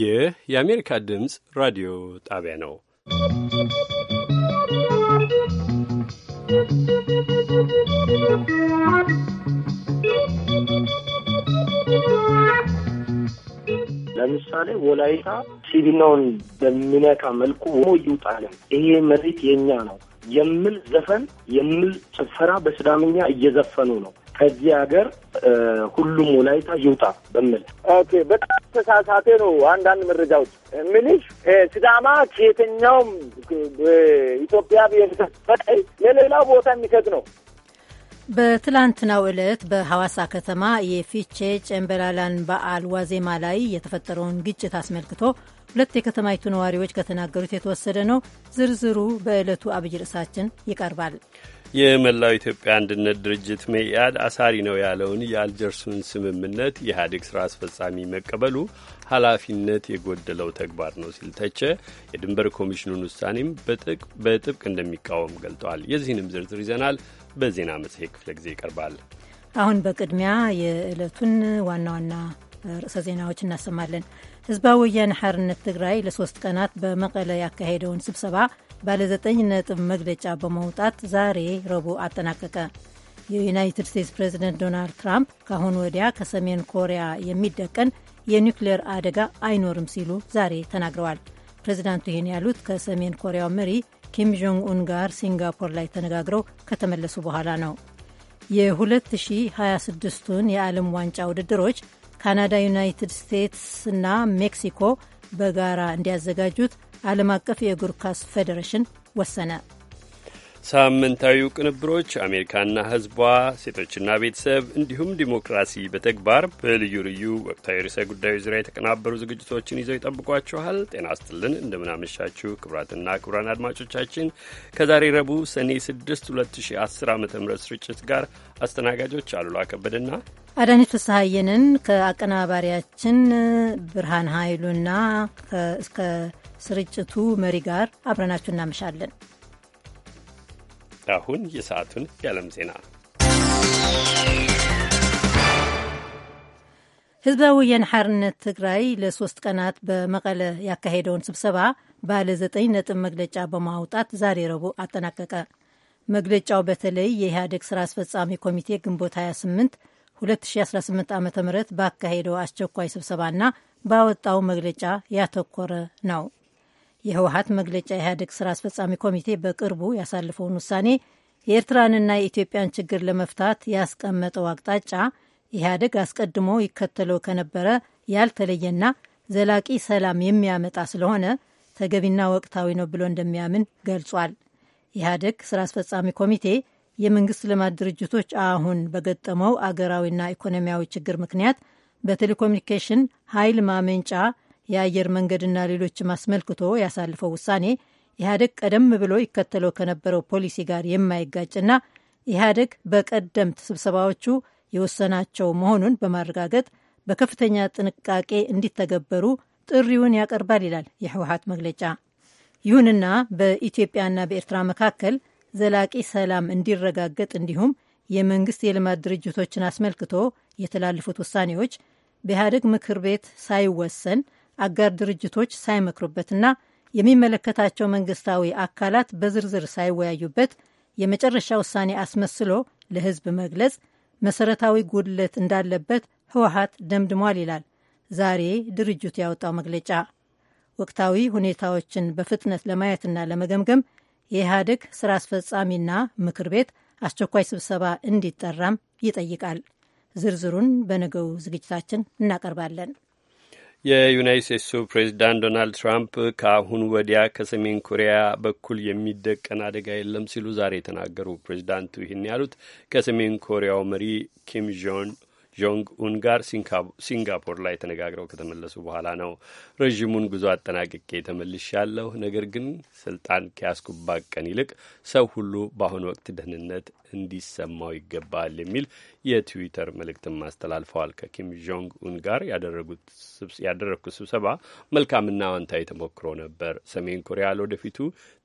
ይህ የአሜሪካ ድምፅ ራዲዮ ጣቢያ ነው። ለምሳሌ ወላይታ ሲቪናውን በሚነካ መልኩ ወሞ ይውጣልን፣ ይሄ መሬት የኛ ነው የሚል ዘፈን የሚል ጭፈራ በስዳምኛ እየዘፈኑ ነው። ከዚህ ሀገር ሁሉም ወላይታ ይውጣ በምል ኦኬ። በጣም ተሳሳቴ ነው። አንዳንድ መረጃዎች ምልሽ ስዳማ ከየትኛውም ኢትዮጵያ ብሄረሰብ በላይ ለሌላው ቦታ የሚሰጥ ነው። በትላንትናው ዕለት በሐዋሳ ከተማ የፊቼ ጨምበላላን በዓል ዋዜማ ላይ የተፈጠረውን ግጭት አስመልክቶ ሁለት የከተማይቱ ነዋሪዎች ከተናገሩት የተወሰደ ነው። ዝርዝሩ በዕለቱ አብይ ርዕሳችን ይቀርባል። የመላው ኢትዮጵያ አንድነት ድርጅት መኢአድ አሳሪ ነው ያለውን የአልጀርሱን ስምምነት የኢህአዴግ ስራ አስፈጻሚ መቀበሉ ኃላፊነት የጎደለው ተግባር ነው ሲል ተቸ። የድንበር ኮሚሽኑን ውሳኔም በጥብቅ እንደሚቃወም ገልጠዋል። የዚህንም ዝርዝር ይዘናል በዜና መጽሔት ክፍለ ጊዜ ይቀርባል። አሁን በቅድሚያ የዕለቱን ዋና ዋና ርዕሰ ዜናዎች እናሰማለን። ህዝባዊ ወያነ ሓርነት ትግራይ ለሶስት ቀናት በመቀለ ያካሄደውን ስብሰባ ባለ ዘጠኝ ነጥብ መግለጫ በመውጣት ዛሬ ረቡዕ አጠናቀቀ። የዩናይትድ ስቴትስ ፕሬዚደንት ዶናልድ ትራምፕ ከአሁን ወዲያ ከሰሜን ኮሪያ የሚደቀን የኒውክሌር አደጋ አይኖርም ሲሉ ዛሬ ተናግረዋል። ፕሬዚዳንቱ ይህን ያሉት ከሰሜን ኮሪያው መሪ ኪም ጆንግ ኡን ጋር ሲንጋፖር ላይ ተነጋግረው ከተመለሱ በኋላ ነው። የ2026ቱን የዓለም ዋንጫ ውድድሮች ካናዳ፣ ዩናይትድ ስቴትስ እና ሜክሲኮ በጋራ እንዲያዘጋጁት ዓለም አቀፍ የእግር ኳስ ፌዴሬሽን ወሰነ። ሳምንታዊው ቅንብሮች አሜሪካና ሕዝቧ፣ ሴቶችና ቤተሰብ እንዲሁም ዲሞክራሲ በተግባር በልዩ ልዩ ወቅታዊ ርዕሰ ጉዳዮች ዙሪያ የተቀናበሩ ዝግጅቶችን ይዘው ይጠብቋችኋል። ጤና ስጥልን እንደምናመሻችሁ ክቡራትና ክቡራን አድማጮቻችን ከዛሬ ረቡዕ ሰኔ 6 2010 ዓ ም ስርጭት ጋር አስተናጋጆች አሉላ ከበደና አዳነች ፍስሐየንን ከአቀናባሪያችን ብርሃን ኃይሉና እስከ ስርጭቱ መሪ ጋር አብረናችሁ እናመሻለን። አሁን የሰዓቱን የዓለም ዜና ህዝባዊ ወያነ ሓርነት ትግራይ ለሶስት ቀናት በመቀለ ያካሄደውን ስብሰባ ባለ ዘጠኝ ነጥብ መግለጫ በማውጣት ዛሬ ረቡዕ አጠናቀቀ። መግለጫው በተለይ የኢህአዴግ ስራ አስፈጻሚ ኮሚቴ ግንቦት 28 2018 ዓ ም ባካሄደው አስቸኳይ ስብሰባና ባወጣው መግለጫ ያተኮረ ነው። የህወሀት መግለጫ ኢህአዴግ ስራ አስፈጻሚ ኮሚቴ በቅርቡ ያሳለፈውን ውሳኔ የኤርትራንና የኢትዮጵያን ችግር ለመፍታት ያስቀመጠው አቅጣጫ ኢህአዴግ አስቀድሞ ይከተለው ከነበረ ያልተለየና ዘላቂ ሰላም የሚያመጣ ስለሆነ ተገቢና ወቅታዊ ነው ብሎ እንደሚያምን ገልጿል። ኢህአዴግ ስራ አስፈጻሚ ኮሚቴ የመንግስት ልማት ድርጅቶች አሁን በገጠመው አገራዊና ኢኮኖሚያዊ ችግር ምክንያት በቴሌኮሙኒኬሽን ኃይል ማመንጫ የአየር መንገድና ሌሎችም አስመልክቶ ያሳልፈው ውሳኔ ኢህአደግ ቀደም ብሎ ይከተለው ከነበረው ፖሊሲ ጋር የማይጋጭና ኢህአደግ በቀደምት ስብሰባዎቹ የወሰናቸው መሆኑን በማረጋገጥ በከፍተኛ ጥንቃቄ እንዲተገበሩ ጥሪውን ያቀርባል ይላል የህወሀት መግለጫ። ይሁንና በኢትዮጵያና በኤርትራ መካከል ዘላቂ ሰላም እንዲረጋገጥ እንዲሁም የመንግስት የልማት ድርጅቶችን አስመልክቶ የተላለፉት ውሳኔዎች በኢህአደግ ምክር ቤት ሳይወሰን አጋር ድርጅቶች ሳይመክሩበትና የሚመለከታቸው መንግስታዊ አካላት በዝርዝር ሳይወያዩበት የመጨረሻ ውሳኔ አስመስሎ ለህዝብ መግለጽ መሰረታዊ ጉድለት እንዳለበት ህወሀት ደምድሟል ይላል ዛሬ ድርጅቱ ያወጣው መግለጫ። ወቅታዊ ሁኔታዎችን በፍጥነት ለማየትና ለመገምገም የኢህአዴግ ስራ አስፈጻሚና ምክር ቤት አስቸኳይ ስብሰባ እንዲጠራም ይጠይቃል። ዝርዝሩን በነገው ዝግጅታችን እናቀርባለን። የዩናይት ስቴትሱ ፕሬዚዳንት ዶናልድ ትራምፕ ከአሁን ወዲያ ከሰሜን ኮሪያ በኩል የሚደቀን አደጋ የለም ሲሉ ዛሬ ተናገሩ። ፕሬዚዳንቱ ይህን ያሉት ከሰሜን ኮሪያው መሪ ኪም ጆን ጆንግ ኡን ጋር ሲንጋፖር ላይ ተነጋግረው ከተመለሱ በኋላ ነው። ረዥሙን ጉዞ አጠናቅቄ ተመልሻለሁ። ነገር ግን ስልጣን ከያዝኩባት ቀን ይልቅ ሰው ሁሉ በአሁኑ ወቅት ደህንነት እንዲሰማው ይገባል የሚል የትዊተር መልእክትም አስተላልፈዋል። ከኪም ጆንግ ኡን ጋር ያደረግኩት ስብሰባ መልካምና አዋንታዊ ተሞክሮ ነበር። ሰሜን ኮሪያ ለወደፊቱ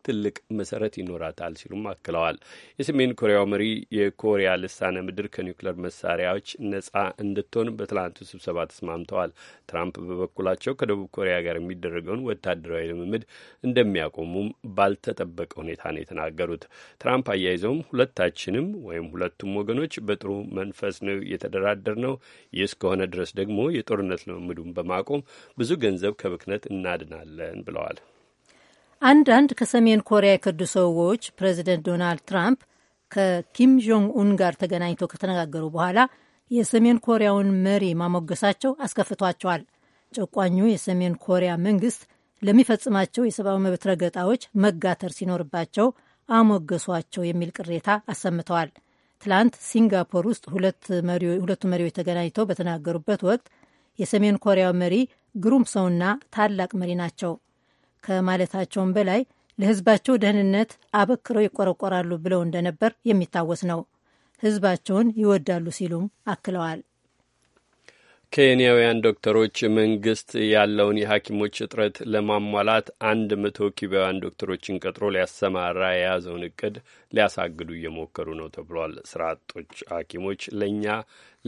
ትልቅ መሰረት ይኖራታል ሲሉም አክለዋል። የሰሜን ኮሪያው መሪ የኮሪያ ልሳነ ምድር ከኒውክሌር መሳሪያዎች ነጻ እንድትሆን በትላንቱ ስብሰባ ተስማምተዋል። ትራምፕ በበኩላቸው ከደቡብ ኮሪያ ጋር የሚደረገውን ወታደራዊ ልምምድ እንደሚያቆሙም ባልተጠበቀ ሁኔታ ነው የተናገሩት። ትራምፕ አያይዘውም ሁለታችን ሁላችንም ወይም ሁለቱም ወገኖች በጥሩ መንፈስ ነው የተደራደር ነው። ይህ እስከሆነ ድረስ ደግሞ የጦርነት ልምምዱን በማቆም ብዙ ገንዘብ ከብክነት እናድናለን ብለዋል። አንዳንድ ከሰሜን ኮሪያ የከዱ ሰዎች ፕሬዚደንት ዶናልድ ትራምፕ ከኪም ጆንግ ኡን ጋር ተገናኝተው ከተነጋገሩ በኋላ የሰሜን ኮሪያውን መሪ ማሞገሳቸው አስከፍቷቸዋል። ጨቋኙ የሰሜን ኮሪያ መንግስት ለሚፈጽማቸው የሰብአዊ መብት ረገጣዎች መጋተር ሲኖርባቸው አሞገሷቸው የሚል ቅሬታ አሰምተዋል። ትላንት ሲንጋፖር ውስጥ ሁለቱ መሪዎች ተገናኝተው በተናገሩበት ወቅት የሰሜን ኮሪያው መሪ ግሩም ሰውና ታላቅ መሪ ናቸው ከማለታቸውም በላይ ለሕዝባቸው ደህንነት አበክረው ይቆረቆራሉ ብለው እንደነበር የሚታወስ ነው። ሕዝባቸውን ይወዳሉ ሲሉም አክለዋል። ኬንያውያን ዶክተሮች መንግስት ያለውን የሐኪሞች እጥረት ለማሟላት አንድ መቶ ኪቢያውያን ዶክተሮችን ቀጥሮ ሊያሰማራ የያዘውን እቅድ ሊያሳግዱ እየሞከሩ ነው ተብሏል። ስራ አጦች ሐኪሞች ለእኛ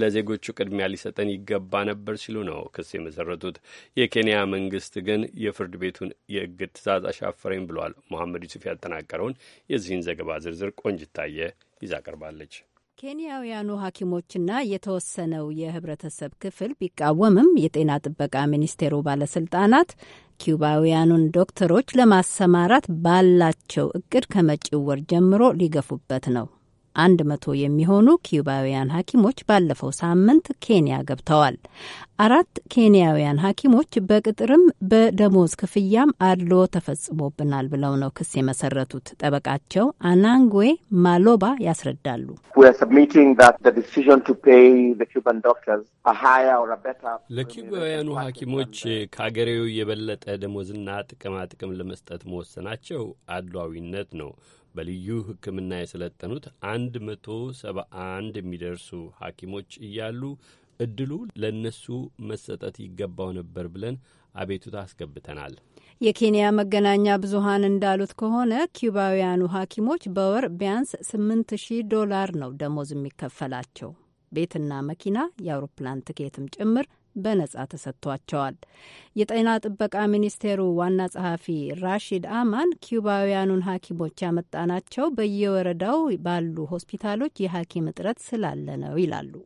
ለዜጎቹ ቅድሚያ ሊሰጠን ይገባ ነበር ሲሉ ነው ክስ የመሰረቱት። የኬንያ መንግስት ግን የፍርድ ቤቱን የእግድ ትእዛዝ አሻፈረኝ ብሏል። መሐመድ ዩሱፍ ያጠናቀረውን የዚህን ዘገባ ዝርዝር ቆንጅታየ ይዛ ቀርባለች። ኬንያውያኑ ሐኪሞችና የተወሰነው የህብረተሰብ ክፍል ቢቃወምም የጤና ጥበቃ ሚኒስቴሩ ባለስልጣናት ኪውባውያኑን ዶክተሮች ለማሰማራት ባላቸው እቅድ ከመጪው ወር ጀምሮ ሊገፉበት ነው። አንድ መቶ የሚሆኑ ኪዩባውያን ሐኪሞች ባለፈው ሳምንት ኬንያ ገብተዋል። አራት ኬንያውያን ሐኪሞች በቅጥርም በደሞዝ ክፍያም አድሎ ተፈጽሞብናል ብለው ነው ክስ የመሰረቱት። ጠበቃቸው አናንግዌ ማሎባ ያስረዳሉ። ለኪዩባውያኑ ሐኪሞች ከአገሬው የበለጠ ደሞዝና ጥቅማ ጥቅም ለመስጠት መወሰናቸው አድሏዊነት ነው። በልዩ ሕክምና የሰለጠኑት አንድ መቶ ሰባ አንድ የሚደርሱ ሐኪሞች እያሉ እድሉ ለእነሱ መሰጠት ይገባው ነበር ብለን አቤቱታ አስገብተናል። የኬንያ መገናኛ ብዙሃን እንዳሉት ከሆነ ኪዩባውያኑ ሐኪሞች በወር ቢያንስ ስምንት ሺህ ዶላር ነው ደሞዝ የሚከፈላቸው። ቤትና መኪና፣ የአውሮፕላን ትኬትም ጭምር በነጻ ተሰጥቷቸዋል። የጤና ጥበቃ ሚኒስቴሩ ዋና ጸሐፊ ራሺድ አማን ኪውባውያኑን ሐኪሞች ያመጣናቸው በየወረዳው ባሉ ሆስፒታሎች የሐኪም እጥረት ስላለ ነው ይላሉ።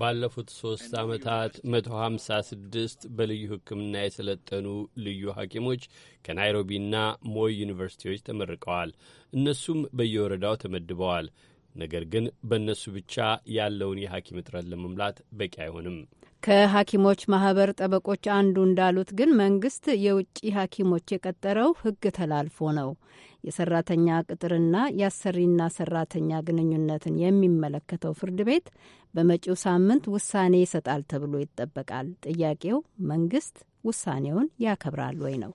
ባለፉት ሶስት ዓመታት ስድስት በልዩ ሕክምና የሰለጠኑ ልዩ ሐኪሞች ከናይሮቢና ሞይ ዩኒቨርሲቲዎች ተመርቀዋል። እነሱም በየወረዳው ተመድበዋል። ነገር ግን በእነሱ ብቻ ያለውን የሐኪም እጥረት ለመምላት በቂ አይሆንም። ከሐኪሞች ማህበር ጠበቆች አንዱ እንዳሉት ግን መንግስት የውጭ ሐኪሞች የቀጠረው ህግ ተላልፎ ነው። የሰራተኛ ቅጥርና የአሰሪና ሰራተኛ ግንኙነትን የሚመለከተው ፍርድ ቤት በመጪው ሳምንት ውሳኔ ይሰጣል ተብሎ ይጠበቃል። ጥያቄው መንግስት ውሳኔውን ያከብራል ወይ ነው።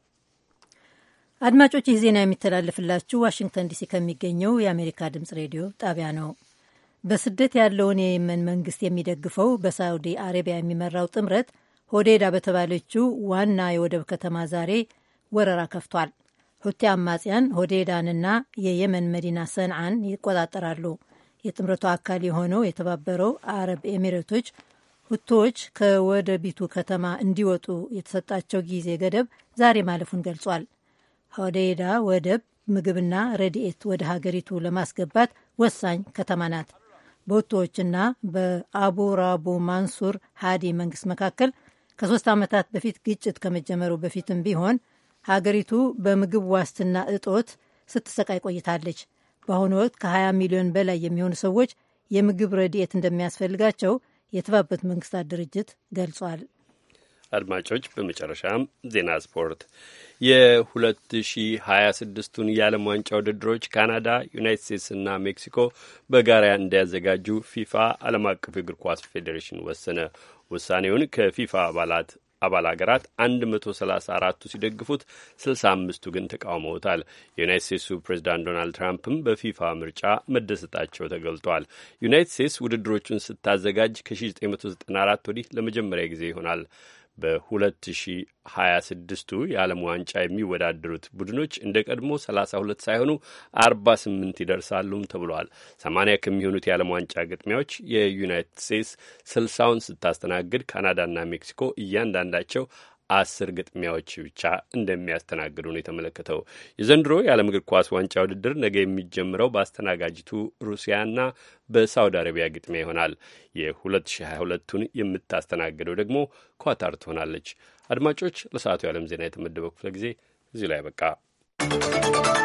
አድማጮች፣ ይህ ዜና የሚተላለፍላችሁ ዋሽንግተን ዲሲ ከሚገኘው የአሜሪካ ድምጽ ሬዲዮ ጣቢያ ነው። በስደት ያለውን የየመን መንግስት የሚደግፈው በሳዑዲ አረቢያ የሚመራው ጥምረት ሆዴዳ በተባለችው ዋና የወደብ ከተማ ዛሬ ወረራ ከፍቷል። ሁቲ አማጽያን ሆዴዳንና የየመን መዲና ሰንዓን ይቆጣጠራሉ። የጥምረቱ አካል የሆነው የተባበረው አረብ ኤሚሬቶች ሁቶዎች ከወደቢቱ ከተማ እንዲወጡ የተሰጣቸው ጊዜ ገደብ ዛሬ ማለፉን ገልጿል። ሆዴዳ ወደብ ምግብና ረድኤት ወደ ሀገሪቱ ለማስገባት ወሳኝ ከተማ ናት። በሁቲዎችና በአቡራቡ ማንሱር ሃዲ መንግስት መካከል ከሶስት ዓመታት በፊት ግጭት ከመጀመሩ በፊትም ቢሆን ሀገሪቱ በምግብ ዋስትና እጦት ስትሰቃይ ቆይታለች። በአሁኑ ወቅት ከ20 ሚሊዮን በላይ የሚሆኑ ሰዎች የምግብ ረድኤት እንደሚያስፈልጋቸው የተባበሩት መንግስታት ድርጅት ገልጿል። አድማጮች በመጨረሻም ዜና ስፖርት። የ2026ቱን የዓለም ዋንጫ ውድድሮች ካናዳ፣ ዩናይት ስቴትስና ሜክሲኮ በጋራ እንዲያዘጋጁ ፊፋ ዓለም አቀፉ የእግር ኳስ ፌዴሬሽን ወሰነ። ውሳኔውን ከፊፋ አባላት አባል ሀገራት 134ቱ ሲደግፉት 65ቱ ግን ተቃውመውታል። የዩናይት ስቴትሱ ፕሬዚዳንት ዶናልድ ትራምፕም በፊፋ ምርጫ መደሰታቸው ተገልጧል። ዩናይት ስቴትስ ውድድሮቹን ስታዘጋጅ ከ1994 ወዲህ ለመጀመሪያ ጊዜ ይሆናል። በ2026ቱ የዓለም ዋንጫ የሚወዳደሩት ቡድኖች እንደ ቀድሞ 32 ሳይሆኑ 48 ይደርሳሉም ተብሏል። 80 ከሚሆኑት የዓለም ዋንጫ ግጥሚያዎች የዩናይትድ ስቴትስ 60ውን ስታስተናግድ ካናዳና ሜክሲኮ እያንዳንዳቸው አስር ግጥሚያዎች ብቻ እንደሚያስተናግዱ ነው የተመለከተው። የዘንድሮ የዓለም እግር ኳስ ዋንጫ ውድድር ነገ የሚጀምረው በአስተናጋጅቱ ሩሲያና በሳውዲ አረቢያ ግጥሚያ ይሆናል። የ2022ቱን የምታስተናግደው ደግሞ ኳታር ትሆናለች። አድማጮች፣ ለሰዓቱ የዓለም ዜና የተመደበው ክፍለ ጊዜ እዚሁ ላይ you.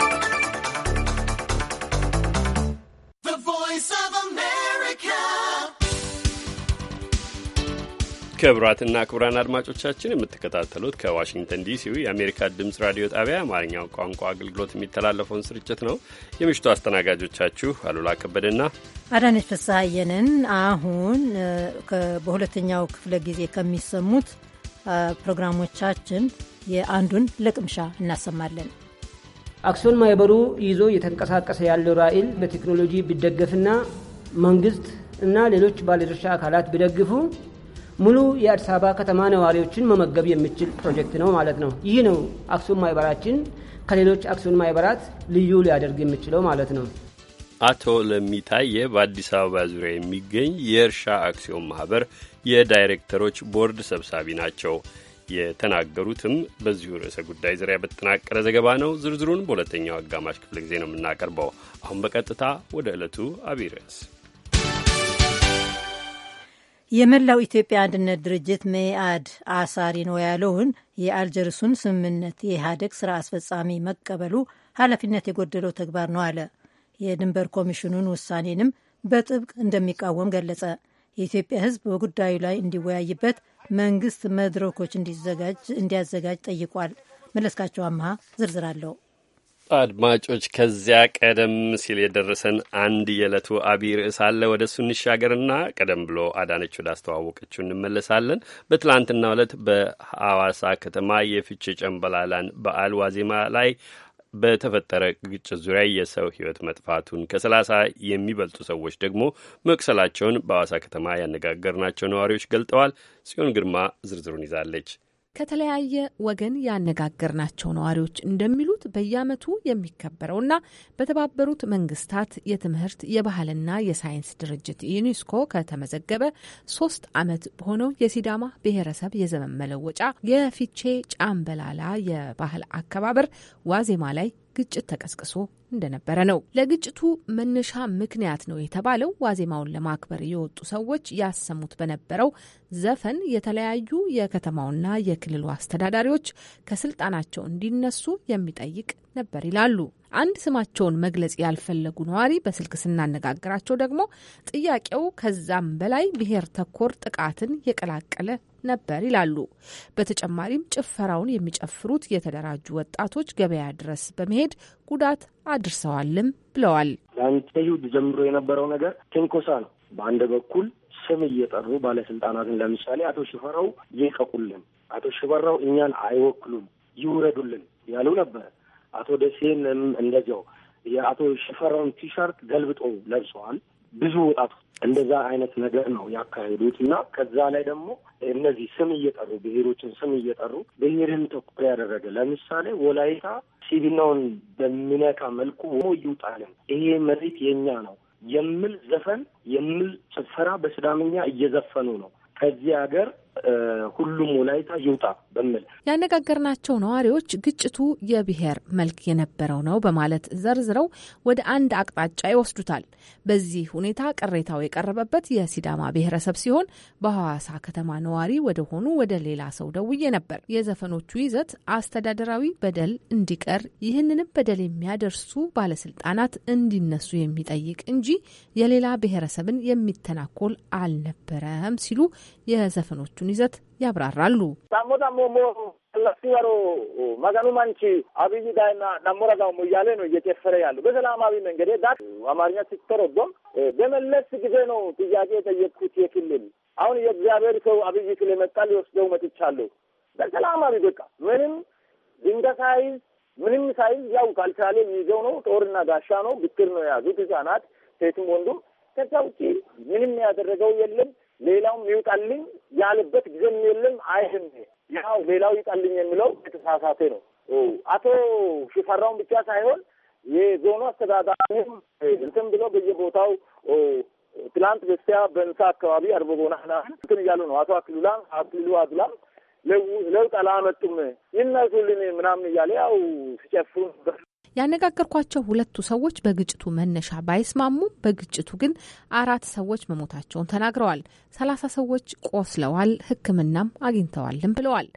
ክቡራትና ክቡራን አድማጮቻችን የምትከታተሉት ከዋሽንግተን ዲሲው የአሜሪካ ድምፅ ራዲዮ ጣቢያ የአማርኛው ቋንቋ አገልግሎት የሚተላለፈውን ስርጭት ነው። የምሽቱ አስተናጋጆቻችሁ አሉላ ከበደና አዳነች ፍስሐየንን። አሁን በሁለተኛው ክፍለ ጊዜ ከሚሰሙት ፕሮግራሞቻችን የአንዱን ለቅምሻ እናሰማለን። አክሲዮን ማህበሩ ይዞ እየተንቀሳቀሰ ያለው ራዕይ በቴክኖሎጂ ቢደገፍና መንግስት እና ሌሎች ባለድርሻ አካላት ቢደግፉ ሙሉ የአዲስ አበባ ከተማ ነዋሪዎችን መመገብ የሚችል ፕሮጀክት ነው ማለት ነው። ይህ ነው አክሲዮን ማህበራችን ከሌሎች አክሲዮን ማህበራት ልዩ ሊያደርግ የሚችለው ማለት ነው። አቶ ለሚታየ በአዲስ አበባ ዙሪያ የሚገኝ የእርሻ አክሲዮን ማህበር የዳይሬክተሮች ቦርድ ሰብሳቢ ናቸው። የተናገሩትም በዚሁ ርዕሰ ጉዳይ ዙሪያ በተጠናቀረ ዘገባ ነው። ዝርዝሩን በሁለተኛው አጋማሽ ክፍለ ጊዜ ነው የምናቀርበው። አሁን በቀጥታ ወደ ዕለቱ አብይ ርዕስ የመላው ኢትዮጵያ አንድነት ድርጅት መኢአድ አሳሪ ነው ያለውን የአልጀርሱን ስምምነት የኢህአደግ ስራ አስፈጻሚ መቀበሉ ኃላፊነት የጎደለው ተግባር ነው አለ። የድንበር ኮሚሽኑን ውሳኔንም በጥብቅ እንደሚቃወም ገለጸ። የኢትዮጵያ ሕዝብ በጉዳዩ ላይ እንዲወያይበት መንግስት መድረኮች እንዲያዘጋጅ ጠይቋል። መለስካቸው አመሃ ዝርዝር አለው። አድማጮች ከዚያ ቀደም ሲል የደረሰን አንድ የዕለቱ አብይ ርዕስ አለ። ወደ እሱ እንሻገርና ቀደም ብሎ አዳነች ወደ እንመለሳለን። በትላንትና ዕለት በሐዋሳ ከተማ የፍቼ ጨንበላላን በዓል ዋዜማ ላይ በተፈጠረ ግጭት ዙሪያ የሰው ሕይወት መጥፋቱን ከሰላሳ የሚበልጡ ሰዎች ደግሞ መቁሰላቸውን በሐዋሳ ከተማ ያነጋገርናቸው ነዋሪዎች ገልጠዋል። ጽዮን ግርማ ዝርዝሩን ይዛለች። ከተለያየ ወገን ያነጋገርናቸው ነዋሪዎች እንደሚሉት በየዓመቱ የሚከበረውና በተባበሩት መንግስታት የትምህርት የባህልና የሳይንስ ድርጅት ዩኒስኮ ከተመዘገበ ሶስት ዓመት በሆነው የሲዳማ ብሔረሰብ የዘመን መለወጫ የፊቼ ጫምበላላ የባህል አከባበር ዋዜማ ላይ ግጭት ተቀስቅሶ እንደነበረ ነው። ለግጭቱ መነሻ ምክንያት ነው የተባለው ዋዜማውን ለማክበር የወጡ ሰዎች ያሰሙት በነበረው ዘፈን የተለያዩ የከተማውና የክልሉ አስተዳዳሪዎች ከስልጣናቸው እንዲነሱ የሚጠይቅ ነበር ይላሉ። አንድ ስማቸውን መግለጽ ያልፈለጉ ነዋሪ በስልክ ስናነጋግራቸው ደግሞ ጥያቄው ከዛም በላይ ብሔር ተኮር ጥቃትን የቀላቀለ ነበር ይላሉ። በተጨማሪም ጭፈራውን የሚጨፍሩት የተደራጁ ወጣቶች ገበያ ድረስ በመሄድ ጉዳት አድርሰዋልም ብለዋል። ዳንቴዩ ጀምሮ የነበረው ነገር ትንኮሳ ነው። በአንድ በኩል ስም እየጠሩ ባለስልጣናትን፣ ለምሳሌ አቶ ሽፈራው ይልቀቁልን፣ አቶ ሽፈራው እኛን አይወክሉም፣ ይውረዱልን ያሉ ነበር። አቶ ደሴን እንደዚያው የአቶ ሽፈራውን ቲሸርት ገልብጦ ለብሰዋል። ብዙ ወጣት እንደዛ አይነት ነገር ነው ያካሄዱት እና ከዛ ላይ ደግሞ እነዚህ ስም እየጠሩ ብሔሮችን ስም እየጠሩ ብሔርን ተኮር ያደረገ ለምሳሌ ወላይታ ሲቪናውን በሚነካ መልኩ ይውጣልን፣ ይሄ መሬት የኛ ነው የሚል ዘፈን የሚል ጭፈራ በስዳምኛ እየዘፈኑ ነው ከዚህ ሀገር ሁሉም ወላይታ ይውጣ በሚል ያነጋገርናቸው ነዋሪዎች ግጭቱ የብሔር መልክ የነበረው ነው በማለት ዘርዝረው ወደ አንድ አቅጣጫ ይወስዱታል። በዚህ ሁኔታ ቅሬታው የቀረበበት የሲዳማ ብሔረሰብ ሲሆን በሐዋሳ ከተማ ነዋሪ ወደ ሆኑ ወደ ሌላ ሰው ደውዬ ነበር። የዘፈኖቹ ይዘት አስተዳደራዊ በደል እንዲቀር፣ ይህንንም በደል የሚያደርሱ ባለስልጣናት እንዲነሱ የሚጠይቅ እንጂ የሌላ ብሔረሰብን የሚተናኮል አልነበረም ሲሉ የዘፈኖቹ የመድረኩን ይዘት ያብራራሉ። ሲወሩ መገኑ መንቺ አብይ ዳይና ዳሞራ ጋሞ እያለ ነው እየጨፈረ ያሉ በሰላማዊ መንገድ ዳ አማርኛ ሲተረጎም በመለስ ጊዜ ነው ጥያቄ የጠየቅኩት የክልል አሁን የእግዚአብሔር ሰው አብይ ስለመጣ ሊወስደው መጥቻለሁ። በሰላማዊ በቃ ምንም ድንጋይ ሳይዝ ምንም ሳይዝ ያው ካልቻለ የሚይዘው ነው ጦርና ጋሻ ነው ብትር ነው የያዙት ህጻናት ሴትም ወንዱም። ከዛ ውጪ ምንም ያደረገው የለም። ሌላውም ይውጣልኝ ያለበት ጊዜም የለም አይህም ያው ሌላው ይውጣልኝ የሚለው የተሳሳተ ነው። አቶ ሽፈራውን ብቻ ሳይሆን የዞኑ አስተዳዳሪም እንትን ብሎ በየቦታው ትላንት በስቲያ በንሳ አካባቢ አርቦ ጎናና እንትን እያሉ ነው። አቶ አክሉላም አክልሉ አዱላም ለውጥ አላመጡም ይነሱልን ምናምን እያለ ያው ሲጨፍሩ ያነጋገርኳቸው ሁለቱ ሰዎች በግጭቱ መነሻ ባይስማሙም በግጭቱ ግን አራት ሰዎች መሞታቸውን ተናግረዋል። ሰላሳ ሰዎች ቆስለዋል፣ ሕክምናም አግኝተዋልም ብለዋል።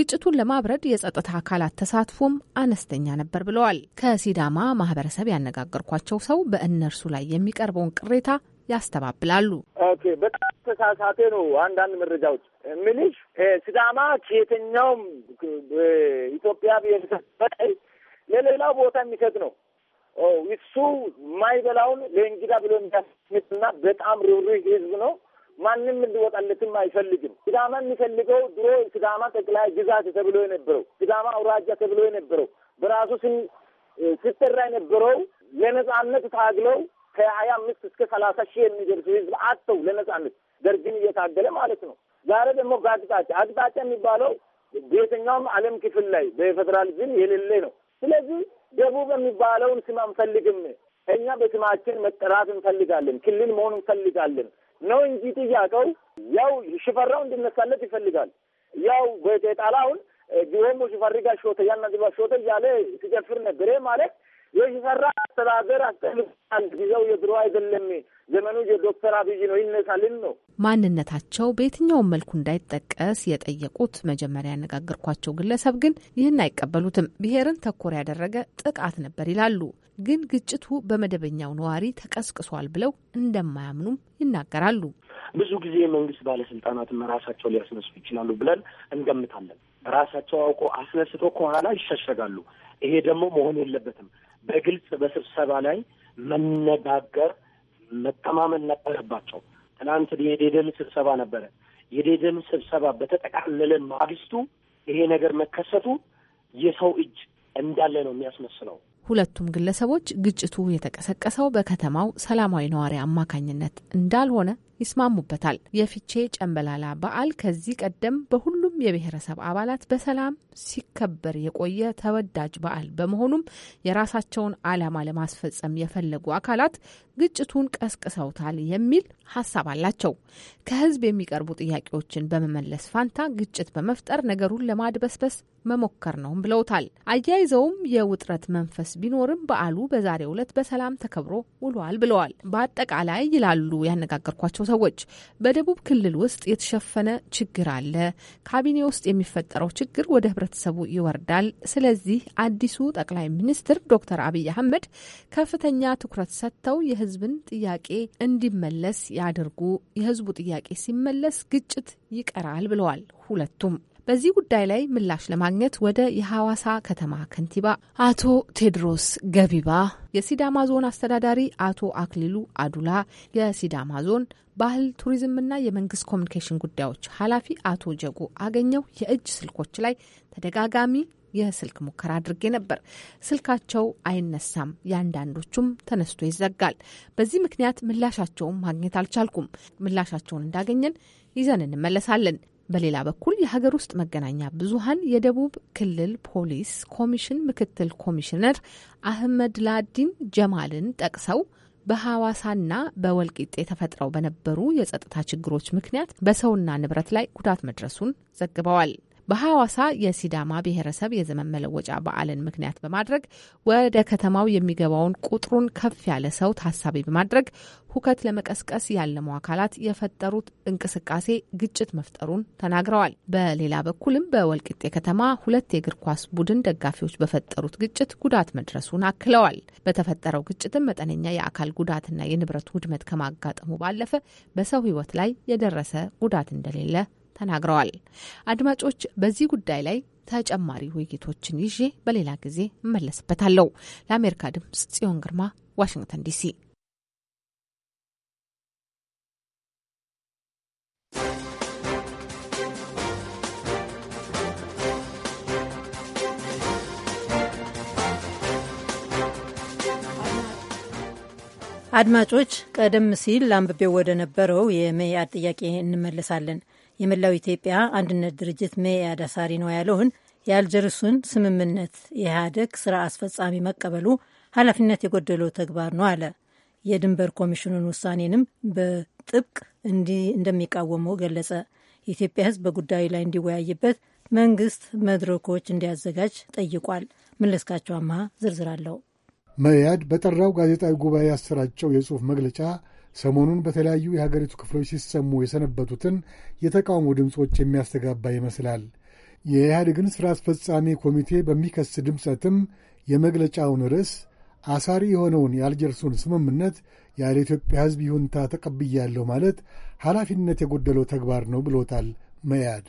ግጭቱን ለማብረድ የጸጥታ አካላት ተሳትፎም አነስተኛ ነበር ብለዋል። ከሲዳማ ማህበረሰብ ያነጋገርኳቸው ሰው በእነርሱ ላይ የሚቀርበውን ቅሬታ ያስተባብላሉ። ኦኬ፣ በጣም ተሳሳቴ ነው። አንዳንድ መረጃዎች ምንሽ ሲዳማ ከየትኛውም ኢትዮጵያ በላይ ለሌላው ቦታ የሚሰጥ ነው። እሱ የማይበላውን ለእንግዳ ብሎ እንዳስምትና በጣም ርኅሩህ ህዝብ ነው። ማንም እንዲወጣለትም አይፈልግም። ሲዳማ የሚፈልገው ድሮ ሲዳማ ጠቅላይ ግዛት ተብሎ የነበረው ሲዳማ አውራጃ ተብሎ የነበረው በራሱ ሲጠራ የነበረው ለነጻነት ታግለው ከሀያ አምስት እስከ ሰላሳ ሺህ የሚደርሱ ህዝብ አጥተው ለነጻነት ደርግን እየታገለ ማለት ነው። ዛሬ ደግሞ በአቅጣጫ አቅጣጫ የሚባለው በየትኛውም ዓለም ክፍል ላይ በፌዴራሊዝም የሌለ ነው። ስለዚህ ደቡብ የሚባለውን ስም አንፈልግም። እኛ በስማችን መጠራት እንፈልጋለን፣ ክልል መሆን እንፈልጋለን ነው እንጂ ጥያቄው ያው ሽፈራው እንድነሳለት ይፈልጋል። ያው በጤጣላውን ዲሆሞ ሽፈሪጋ ሾተ ያናዚባ ሾተ እያለ ሲጨፍር ነበር ማለት የሽፈራ አስተዳደር አስጠልቃል። ጊዜው የድሮ አይደለም። ዘመኑ የዶክተር አብይ ነው ይነሳልን ነው። ማንነታቸው በየትኛውም መልኩ እንዳይጠቀስ የጠየቁት መጀመሪያ ያነጋገርኳቸው ግለሰብ ግን ይህን አይቀበሉትም። ብሔርን ተኮር ያደረገ ጥቃት ነበር ይላሉ። ግን ግጭቱ በመደበኛው ነዋሪ ተቀስቅሷል ብለው እንደማያምኑም ይናገራሉ። ብዙ ጊዜ የመንግስት ባለስልጣናትም ራሳቸው ሊያስነሱ ይችላሉ ብለን እንገምታለን። ራሳቸው አውቆ አስነስቶ ከኋላ ይሸሸጋሉ። ይሄ ደግሞ መሆን የለበትም። በግልጽ በስብሰባ ላይ መነጋገር መተማመን ነበረባቸው። ትናንት የዴደም ስብሰባ ነበረ። የዴደም ስብሰባ በተጠቃለለ ማግስቱ ይሄ ነገር መከሰቱ የሰው እጅ እንዳለ ነው የሚያስመስለው። ሁለቱም ግለሰቦች ግጭቱ የተቀሰቀሰው በከተማው ሰላማዊ ነዋሪ አማካኝነት እንዳልሆነ ይስማሙበታል። የፊቼ ጨንበላላ በዓል ከዚህ ቀደም በሁሉም የብሔረሰብ አባላት በሰላም ሲከበር የቆየ ተወዳጅ በዓል በመሆኑም የራሳቸውን ዓላማ ለማስፈጸም የፈለጉ አካላት ግጭቱን ቀስቅሰውታል የሚል ሀሳብ አላቸው። ከህዝብ የሚቀርቡ ጥያቄዎችን በመመለስ ፋንታ ግጭት በመፍጠር ነገሩን ለማድበስበስ መሞከር ነውም ብለውታል። አያይዘውም የውጥረት መንፈስ ቢኖርም በዓሉ በዛሬው ዕለት በሰላም ተከብሮ ውሏል ብለዋል። በአጠቃላይ ይላሉ ያነጋገርኳቸው ሰዎች በደቡብ ክልል ውስጥ የተሸፈነ ችግር አለ። ካቢኔ ውስጥ የሚፈጠረው ችግር ወደ ህብረ ህብረተሰቡ ይወርዳል። ስለዚህ አዲሱ ጠቅላይ ሚኒስትር ዶክተር አብይ አህመድ ከፍተኛ ትኩረት ሰጥተው የህዝብን ጥያቄ እንዲመለስ ያድርጉ። የህዝቡ ጥያቄ ሲመለስ ግጭት ይቀራል ብለዋል ሁለቱም በዚህ ጉዳይ ላይ ምላሽ ለማግኘት ወደ የሐዋሳ ከተማ ከንቲባ አቶ ቴድሮስ ገቢባ፣ የሲዳማ ዞን አስተዳዳሪ አቶ አክሊሉ አዱላ፣ የሲዳማ ዞን ባህል ቱሪዝምና የመንግስት ኮሚኒኬሽን ጉዳዮች ኃላፊ አቶ ጀጎ አገኘው የእጅ ስልኮች ላይ ተደጋጋሚ የስልክ ሙከራ አድርጌ ነበር። ስልካቸው አይነሳም፣ የአንዳንዶቹም ተነስቶ ይዘጋል። በዚህ ምክንያት ምላሻቸውን ማግኘት አልቻልኩም። ምላሻቸውን እንዳገኘን ይዘን እንመለሳለን። በሌላ በኩል የሀገር ውስጥ መገናኛ ብዙኃን የደቡብ ክልል ፖሊስ ኮሚሽን ምክትል ኮሚሽነር አህመድ ላዲን ጀማልን ጠቅሰው በሐዋሳና በወልቂጤ ተፈጥረው በነበሩ የጸጥታ ችግሮች ምክንያት በሰውና ንብረት ላይ ጉዳት መድረሱን ዘግበዋል። በሐዋሳ የሲዳማ ብሔረሰብ የዘመን መለወጫ በዓልን ምክንያት በማድረግ ወደ ከተማው የሚገባውን ቁጥሩን ከፍ ያለ ሰው ታሳቢ በማድረግ ሁከት ለመቀስቀስ ያለሙ አካላት የፈጠሩት እንቅስቃሴ ግጭት መፍጠሩን ተናግረዋል። በሌላ በኩልም በወልቂጤ ከተማ ሁለት የእግር ኳስ ቡድን ደጋፊዎች በፈጠሩት ግጭት ጉዳት መድረሱን አክለዋል። በተፈጠረው ግጭትም መጠነኛ የአካል ጉዳትና የንብረት ውድመት ከማጋጠሙ ባለፈ በሰው ሕይወት ላይ የደረሰ ጉዳት እንደሌለ ተናግረዋል። አድማጮች፣ በዚህ ጉዳይ ላይ ተጨማሪ ውይይቶችን ይዤ በሌላ ጊዜ እመለስበታለሁ። ለአሜሪካ ድምጽ ጽዮን ግርማ፣ ዋሽንግተን ዲሲ። አድማጮች ቀደም ሲል አንብቤው ወደ ነበረው የመኢአድ ጥያቄ እንመለሳለን። የመላው ኢትዮጵያ አንድነት ድርጅት መኢአድ አሳሪ ነው ያለውን የአልጀርሱን ስምምነት የኢህአደግ ስራ አስፈጻሚ መቀበሉ ኃላፊነት የጎደለው ተግባር ነው አለ። የድንበር ኮሚሽኑን ውሳኔንም በጥብቅ እንደሚቃወመው ገለጸ። የኢትዮጵያ ሕዝብ በጉዳዩ ላይ እንዲወያይበት መንግስት መድረኮች እንዲያዘጋጅ ጠይቋል። መለስካቸው አምሃ ዝርዝር አለው። መያድ በጠራው ጋዜጣዊ ጉባኤ ያሰራጨው የጽሑፍ መግለጫ ሰሞኑን በተለያዩ የሀገሪቱ ክፍሎች ሲሰሙ የሰነበቱትን የተቃውሞ ድምፆች የሚያስተጋባ ይመስላል። የኢህአዴግን ሥራ አስፈጻሚ ኮሚቴ በሚከስ ድምፀትም የመግለጫውን ርዕስ አሳሪ የሆነውን የአልጀርሱን ስምምነት ያለ ኢትዮጵያ ሕዝብ ይሁንታ ተቀብያለሁ ማለት ኃላፊነት የጎደለው ተግባር ነው ብሎታል መያድ።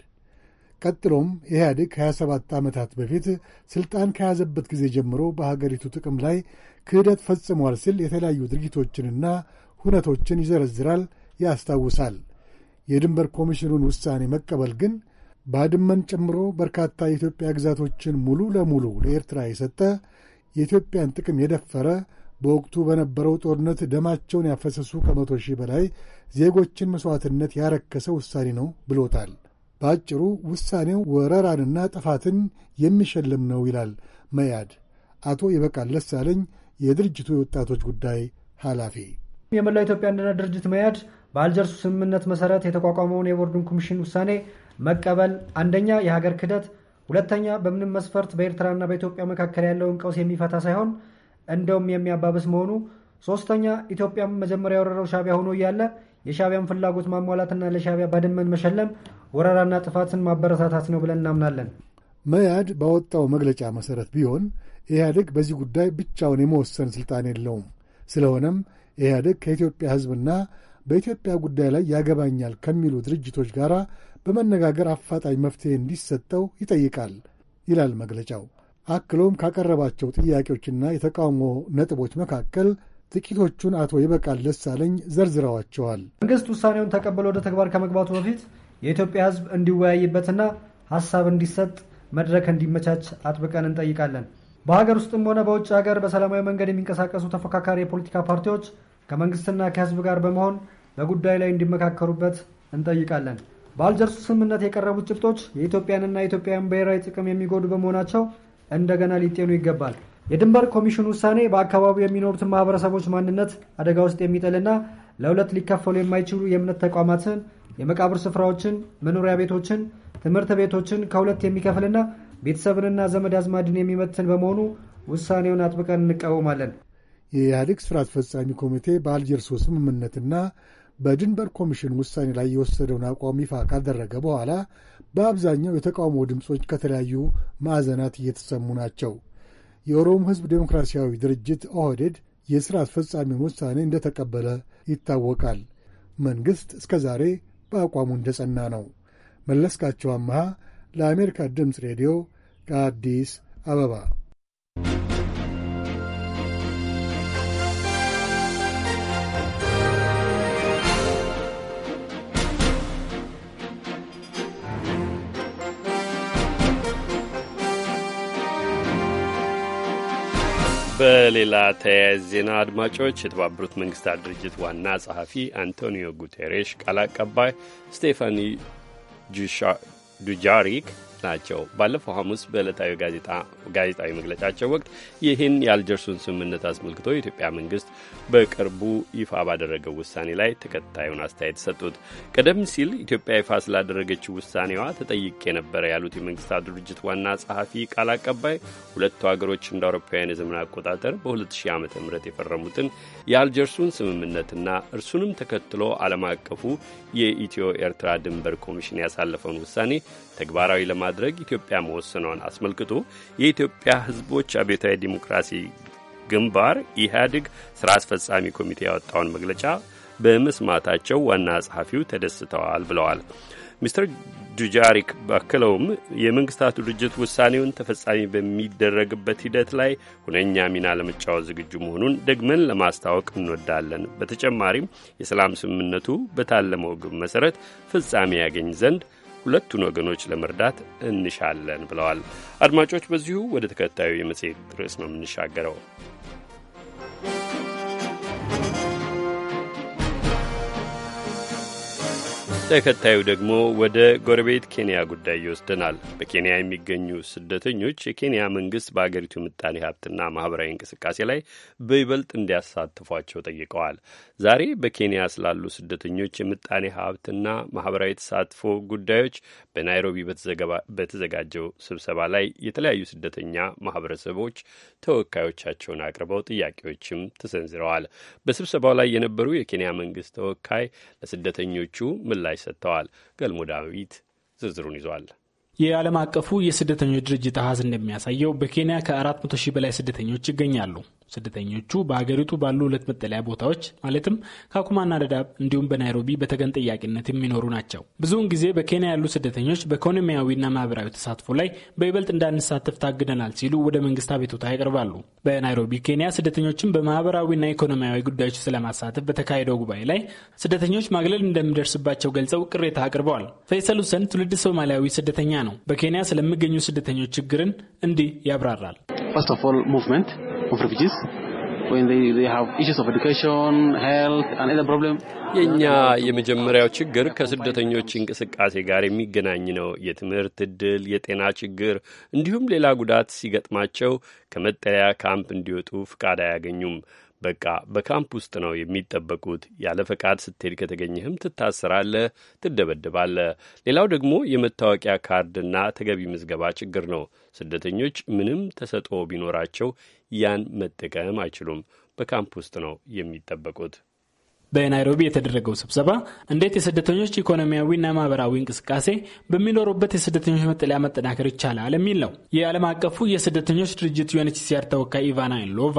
ቀጥሎም ኢህአዴግ ከ27 ዓመታት በፊት ሥልጣን ከያዘበት ጊዜ ጀምሮ በሀገሪቱ ጥቅም ላይ ክህደት ፈጽሟል ሲል የተለያዩ ድርጊቶችንና ሁነቶችን ይዘረዝራል፣ ያስታውሳል። የድንበር ኮሚሽኑን ውሳኔ መቀበል ግን ባድመን ጨምሮ በርካታ የኢትዮጵያ ግዛቶችን ሙሉ ለሙሉ ለኤርትራ የሰጠ የኢትዮጵያን ጥቅም የደፈረ በወቅቱ በነበረው ጦርነት ደማቸውን ያፈሰሱ ከመቶ ሺህ በላይ ዜጎችን መሥዋዕትነት ያረከሰ ውሳኔ ነው ብሎታል። በአጭሩ ውሳኔው ወረራንና ጥፋትን የሚሸልም ነው ይላል መያድ። አቶ ይበቃል ደሳለኝ የድርጅቱ የወጣቶች ጉዳይ ኃላፊ የመላው ኢትዮጵያ አንድነት ድርጅት መያድ በአልጀርሱ ስምምነት መሰረት የተቋቋመውን የቦርዱን ኮሚሽን ውሳኔ መቀበል አንደኛ የሀገር ክህደት፣ ሁለተኛ በምንም መስፈርት በኤርትራና በኢትዮጵያ መካከል ያለውን ቀውስ የሚፈታ ሳይሆን እንደውም የሚያባብስ መሆኑ፣ ሶስተኛ ኢትዮጵያም መጀመሪያ የወረረው ሻቢያ ሆኖ እያለ የሻቢያን ፍላጎት ማሟላትና ለሻቢያ ባድመን መሸለም ወረራና ጥፋትን ማበረታታት ነው ብለን እናምናለን። መያድ ባወጣው መግለጫ መሰረት ቢሆን ኢህአዴግ በዚህ ጉዳይ ብቻውን የመወሰን ስልጣን የለውም። ስለሆነም ኢህአደግ ከኢትዮጵያ ሕዝብና በኢትዮጵያ ጉዳይ ላይ ያገባኛል ከሚሉ ድርጅቶች ጋር በመነጋገር አፋጣኝ መፍትሄ እንዲሰጠው ይጠይቃል ይላል መግለጫው። አክሎም ካቀረባቸው ጥያቄዎችና የተቃውሞ ነጥቦች መካከል ጥቂቶቹን አቶ ይበቃል ደሳለኝ ዘርዝረዋቸዋል። መንግስት ውሳኔውን ተቀብሎ ወደ ተግባር ከመግባቱ በፊት የኢትዮጵያ ህዝብ እንዲወያይበትና ሀሳብ እንዲሰጥ መድረክ እንዲመቻች አጥብቀን እንጠይቃለን። በሀገር ውስጥም ሆነ በውጭ ሀገር በሰላማዊ መንገድ የሚንቀሳቀሱ ተፎካካሪ የፖለቲካ ፓርቲዎች ከመንግስትና ከህዝብ ጋር በመሆን በጉዳይ ላይ እንዲመካከሩበት እንጠይቃለን። በአልጀርሱ ስምምነት የቀረቡት ጭብጦች የኢትዮጵያንና የኢትዮጵያን ብሔራዊ ጥቅም የሚጎዱ በመሆናቸው እንደገና ሊጤኑ ይገባል። የድንበር ኮሚሽን ውሳኔ በአካባቢው የሚኖሩትን ማህበረሰቦች ማንነት አደጋ ውስጥ የሚጥልና ለሁለት ሊከፈሉ የማይችሉ የእምነት ተቋማትን፣ የመቃብር ስፍራዎችን፣ መኖሪያ ቤቶችን፣ ትምህርት ቤቶችን ከሁለት የሚከፍልና ቤተሰብንና ዘመድ አዝማድን የሚመትን በመሆኑ ውሳኔውን አጥብቀን እንቃወማለን። የኢህአዴግ ሥራ አስፈጻሚ ኮሚቴ በአልጀርሶ ስምምነትና በድንበር ኮሚሽን ውሳኔ ላይ የወሰደውን አቋም ይፋ ካደረገ በኋላ በአብዛኛው የተቃውሞ ድምፆች ከተለያዩ ማዕዘናት እየተሰሙ ናቸው። የኦሮሞ ሕዝብ ዴሞክራሲያዊ ድርጅት ኦህዴድ የሥራ አስፈጻሚውን ውሳኔ እንደተቀበለ ይታወቃል። መንግሥት እስከ ዛሬ በአቋሙ እንደጸና ነው። መለስካቸው አመሃ ለአሜሪካ ድምፅ ሬዲዮ ከአዲስ አበባ በሌላ ተያያዥ ዜና አድማጮች የተባበሩት መንግስታት ድርጅት ዋና ጸሐፊ አንቶኒዮ ጉቴሬሽ ቃል አቀባይ ስቴፋኒ ዱጃሪክ ናቸው። ባለፈው ሐሙስ በዕለታዊ ጋዜጣዊ መግለጫቸው ወቅት ይህን የአልጀርሱን ስምምነት አስመልክቶ የኢትዮጵያ መንግስት በቅርቡ ይፋ ባደረገው ውሳኔ ላይ ተከታዩን አስተያየት ሰጡት። ቀደም ሲል ኢትዮጵያ ይፋ ስላደረገችው ውሳኔዋ ተጠይቄ ነበረ ያሉት የመንግስታቱ ድርጅት ዋና ጸሐፊ ቃል አቀባይ ሁለቱ ሀገሮች እንደ አውሮፓውያን የዘመን አቆጣጠር በ2000 ዓ ም የፈረሙትን የአልጀርሱን ስምምነትና እርሱንም ተከትሎ ዓለም አቀፉ የኢትዮ ኤርትራ ድንበር ኮሚሽን ያሳለፈውን ውሳኔ ተግባራዊ ለማ ለማድረግ ኢትዮጵያ መወሰኗን አስመልክቶ የኢትዮጵያ ሕዝቦች አብዮታዊ ዲሞክራሲ ግንባር ኢህአዴግ ስራ አስፈጻሚ ኮሚቴ ያወጣውን መግለጫ በመስማታቸው ዋና ጸሐፊው ተደስተዋል ብለዋል። ሚስተር ጁጃሪክ ባክለውም የመንግስታቱ ድርጅት ውሳኔውን ተፈጻሚ በሚደረግበት ሂደት ላይ ሁነኛ ሚና ለመጫወት ዝግጁ መሆኑን ደግመን ለማስታወቅ እንወዳለን። በተጨማሪም የሰላም ስምምነቱ በታለመው ግብ መሰረት ፍጻሜ ያገኝ ዘንድ ሁለቱን ወገኖች ለመርዳት እንሻለን ብለዋል። አድማጮች፣ በዚሁ ወደ ተከታዩ የመጽሔት ርዕስ ነው የምንሻገረው። ተከታዩ ደግሞ ወደ ጎረቤት ኬንያ ጉዳይ ይወስደናል። በኬንያ የሚገኙ ስደተኞች የኬንያ መንግስት በአገሪቱ ምጣኔ ሀብትና ማህበራዊ እንቅስቃሴ ላይ በይበልጥ እንዲያሳትፏቸው ጠይቀዋል። ዛሬ በኬንያ ስላሉ ስደተኞች የምጣኔ ሀብትና ማህበራዊ ተሳትፎ ጉዳዮች በናይሮቢ በተዘጋጀው ስብሰባ ላይ የተለያዩ ስደተኛ ማህበረሰቦች ተወካዮቻቸውን አቅርበው ጥያቄዎችም ተሰንዝረዋል። በስብሰባው ላይ የነበሩ የኬንያ መንግስት ተወካይ ለስደተኞቹ ምላሽ ምላሽ ሰጥተዋል። ገልሞ ዳዊት ዝርዝሩን ይዟል። የዓለም አቀፉ የስደተኞች ድርጅት አሃዝ እንደሚያሳየው በኬንያ ከ400 ሺህ በላይ ስደተኞች ይገኛሉ። ስደተኞቹ በአገሪቱ ባሉ ሁለት መጠለያ ቦታዎች ማለትም ካኩማና ደዳብ እንዲሁም በናይሮቢ በተገን ጠያቂነት የሚኖሩ ናቸው። ብዙውን ጊዜ በኬንያ ያሉ ስደተኞች በኢኮኖሚያዊና ማህበራዊ ተሳትፎ ላይ በይበልጥ እንዳንሳተፍ ታግደናል ሲሉ ወደ መንግስት አቤቱታ ያቀርባሉ። በናይሮቢ ኬንያ ስደተኞችን በማህበራዊና ኢኮኖሚያዊ ጉዳዮች ስለማሳተፍ በተካሄደው ጉባኤ ላይ ስደተኞች ማግለል እንደሚደርስባቸው ገልጸው ቅሬታ አቅርበዋል። ፈይሰል ሁሰን ትውልድ ሶማሊያዊ ስደተኛ ነው። በኬንያ ስለሚገኙ ስደተኞች ችግርን እንዲህ ያብራራል። ፈርስት ኦፍ ኦል ሙቭመንት ኦፍ ሪፊጂስ when they, they have issues of education, health, and other problem. የእኛ የመጀመሪያው ችግር ከስደተኞች እንቅስቃሴ ጋር የሚገናኝ ነው። የትምህርት እድል፣ የጤና ችግር እንዲሁም ሌላ ጉዳት ሲገጥማቸው ከመጠለያ ካምፕ እንዲወጡ ፍቃድ አያገኙም። በቃ በካምፕ ውስጥ ነው የሚጠበቁት። ያለ ፈቃድ ስትሄድ ከተገኘህም ትታሰራለህ፣ ትደበድባለህ። ሌላው ደግሞ የመታወቂያ ካርድና ተገቢ ምዝገባ ችግር ነው። ስደተኞች ምንም ተሰጥኦ ቢኖራቸው ያን መጠቀም አይችሉም። በካምፕ ውስጥ ነው የሚጠበቁት። በናይሮቢ የተደረገው ስብሰባ እንዴት የስደተኞች ኢኮኖሚያዊና ማህበራዊ እንቅስቃሴ በሚኖሩበት የስደተኞች መጠለያ መጠናከር ይቻላል የሚል ነው። የዓለም አቀፉ የስደተኞች ድርጅት ዩኤንኤችሲአር ተወካይ ኢቫና ሎቫ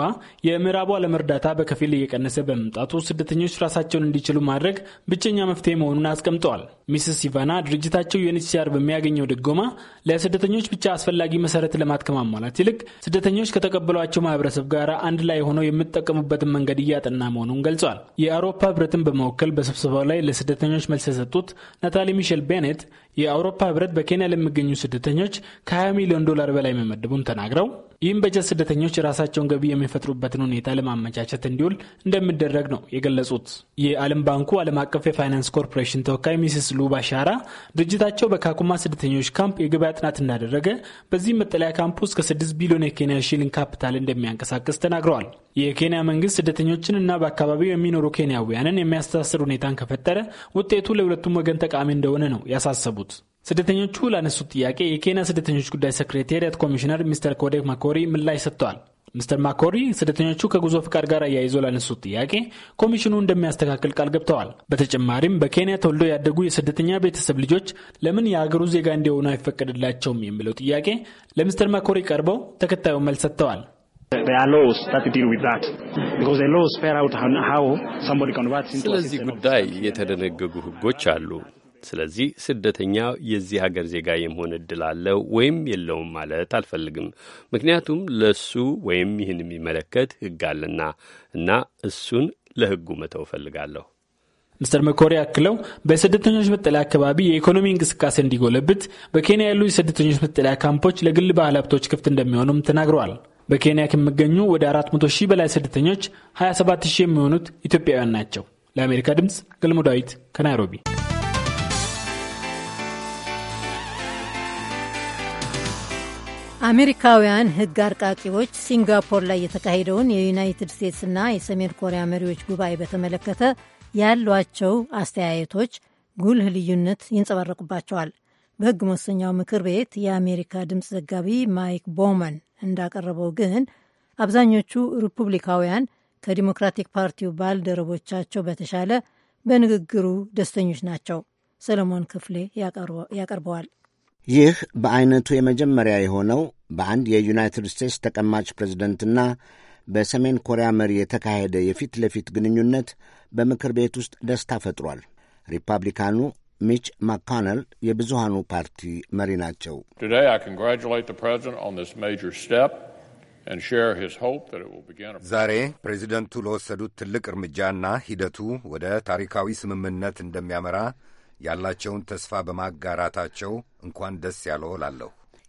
የምዕራቡ ዓለም እርዳታ በከፊል እየቀነሰ በመምጣቱ ስደተኞች ራሳቸውን እንዲችሉ ማድረግ ብቸኛ መፍትሄ መሆኑን አስቀምጠዋል። ሚስስ ኢቫና ድርጅታቸው ዩኤንኤችሲአር በሚያገኘው ድጎማ ለስደተኞች ብቻ አስፈላጊ መሰረት ልማት ከማሟላት ይልቅ ስደተኞች ከተቀበሏቸው ማህበረሰብ ጋር አንድ ላይ ሆነው የምጠቀሙበትን መንገድ እያጠና መሆኑን ገልጿል። የአውሮፓ የአውሮፓ ህብረትን በመወከል በስብሰባው ላይ ለስደተኞች መልስ የሰጡት ናታሊ ሚሼል ቤኔት የአውሮፓ ህብረት በኬንያ ለሚገኙ ስደተኞች ከ20 ሚሊዮን ዶላር በላይ መመደቡን ተናግረው ይህም በጀት ስደተኞች የራሳቸውን ገቢ የሚፈጥሩበትን ሁኔታ ለማመቻቸት እንዲውል እንደሚደረግ ነው የገለጹት። የዓለም ባንኩ ዓለም አቀፍ የፋይናንስ ኮርፖሬሽን ተወካይ ሚስስ ሉባሻራ ድርጅታቸው በካኩማ ስደተኞች ካምፕ የገበያ ጥናት እንዳደረገ በዚህ መጠለያ ካምፕ ውስጥ ከ6 ቢሊዮን የኬንያ ሺሊንግ ካፒታል እንደሚያንቀሳቅስ ተናግረዋል። የኬንያ መንግስት ስደተኞችን እና በአካባቢው የሚኖሩ ኬንያውያንን የሚያስተሳስር ሁኔታን ከፈጠረ ውጤቱ ለሁለቱም ወገን ጠቃሚ እንደሆነ ነው ያሳሰቡት። ስደተኞቹ ላነሱት ጥያቄ የኬንያ ስደተኞች ጉዳይ ሰክሬታሪያት ኮሚሽነር ሚስተር ኮዴክ ማኮሪ ምላሽ ሰጥተዋል። ሚስተር ማኮሪ ስደተኞቹ ከጉዞ ፍቃድ ጋር አያይዞ ላነሱት ጥያቄ ኮሚሽኑ እንደሚያስተካክል ቃል ገብተዋል። በተጨማሪም በኬንያ ተወልዶ ያደጉ የስደተኛ ቤተሰብ ልጆች ለምን የአገሩ ዜጋ እንዲሆኑ አይፈቀድላቸውም የሚለው ጥያቄ ለሚስተር ማኮሪ ቀርበው ተከታዩን መልስ ሰጥተዋል። ስለዚህ ጉዳይ የተደነገጉ ህጎች አሉ። ስለዚህ ስደተኛው የዚህ ሀገር ዜጋ የመሆን እድል አለው ወይም የለውም ማለት አልፈልግም። ምክንያቱም ለሱ ወይም ይህን የሚመለከት ሕግ አለና እና እሱን ለሕጉ መተው እፈልጋለሁ። ሚስተር መኮሪ አክለው በስደተኞች መጠለያ አካባቢ የኢኮኖሚ እንቅስቃሴ እንዲጎለብት በኬንያ ያሉ የስደተኞች መጠለያ ካምፖች ለግል ባለ ሀብቶች ክፍት እንደሚሆኑም ተናግረዋል። በኬንያ ከሚገኙ ወደ 400 ሺህ በላይ ስደተኞች 27 ሺህ የሚሆኑት ኢትዮጵያውያን ናቸው። ለአሜሪካ ድምፅ ገልሞ ዳዊት ከናይሮቢ አሜሪካውያን ሕግ አርቃቂዎች ሲንጋፖር ላይ የተካሄደውን የዩናይትድ ስቴትስና የሰሜን ኮሪያ መሪዎች ጉባኤ በተመለከተ ያሏቸው አስተያየቶች ጉልህ ልዩነት ይንጸባረቁባቸዋል። በሕግ መወሰኛው ምክር ቤት የአሜሪካ ድምፅ ዘጋቢ ማይክ ቦመን እንዳቀረበው ግን አብዛኞቹ ሪፑብሊካውያን ከዲሞክራቲክ ፓርቲው ባልደረቦቻቸው በተሻለ በንግግሩ ደስተኞች ናቸው። ሰለሞን ክፍሌ ያቀርበዋል። ይህ በአይነቱ የመጀመሪያ የሆነው በአንድ የዩናይትድ ስቴትስ ተቀማጭ ፕሬዝደንትና በሰሜን ኮሪያ መሪ የተካሄደ የፊት ለፊት ግንኙነት በምክር ቤት ውስጥ ደስታ ፈጥሯል። ሪፐብሊካኑ ሚች ማካነል የብዙሃኑ ፓርቲ መሪ ናቸው። ዛሬ ፕሬዚደንቱ ለወሰዱት ትልቅ እርምጃና ሂደቱ ወደ ታሪካዊ ስምምነት እንደሚያመራ ያላቸውን ተስፋ በማጋራታቸው እንኳን ደስ ያለው ላለሁ።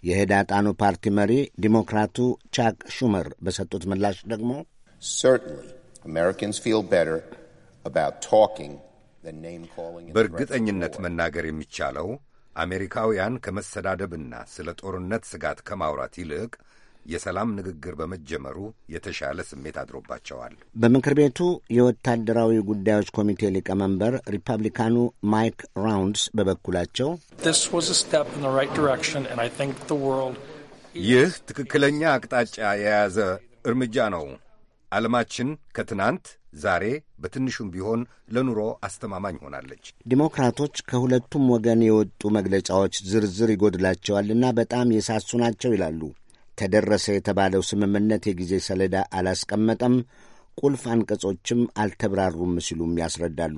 የህዳጣኑ ፓርቲ መሪ ዲሞክራቱ ቻክ ሹመር በሰጡት ምላሽ ደግሞ በእርግጠኝነት መናገር የሚቻለው አሜሪካውያን ከመሰዳደብና ስለ ጦርነት ስጋት ከማውራት ይልቅ የሰላም ንግግር በመጀመሩ የተሻለ ስሜት አድሮባቸዋል። በምክር ቤቱ የወታደራዊ ጉዳዮች ኮሚቴ ሊቀመንበር ሪፐብሊካኑ ማይክ ራውንድስ በበኩላቸው ይህ ትክክለኛ አቅጣጫ የያዘ እርምጃ ነው። ዓለማችን ከትናንት ዛሬ በትንሹም ቢሆን ለኑሮ አስተማማኝ ሆናለች። ዲሞክራቶች ከሁለቱም ወገን የወጡ መግለጫዎች ዝርዝር ይጎድላቸዋልና በጣም የሳሱ ናቸው ይላሉ። ተደረሰ የተባለው ስምምነት የጊዜ ሰሌዳ አላስቀመጠም፣ ቁልፍ አንቀጾችም አልተብራሩም ሲሉም ያስረዳሉ።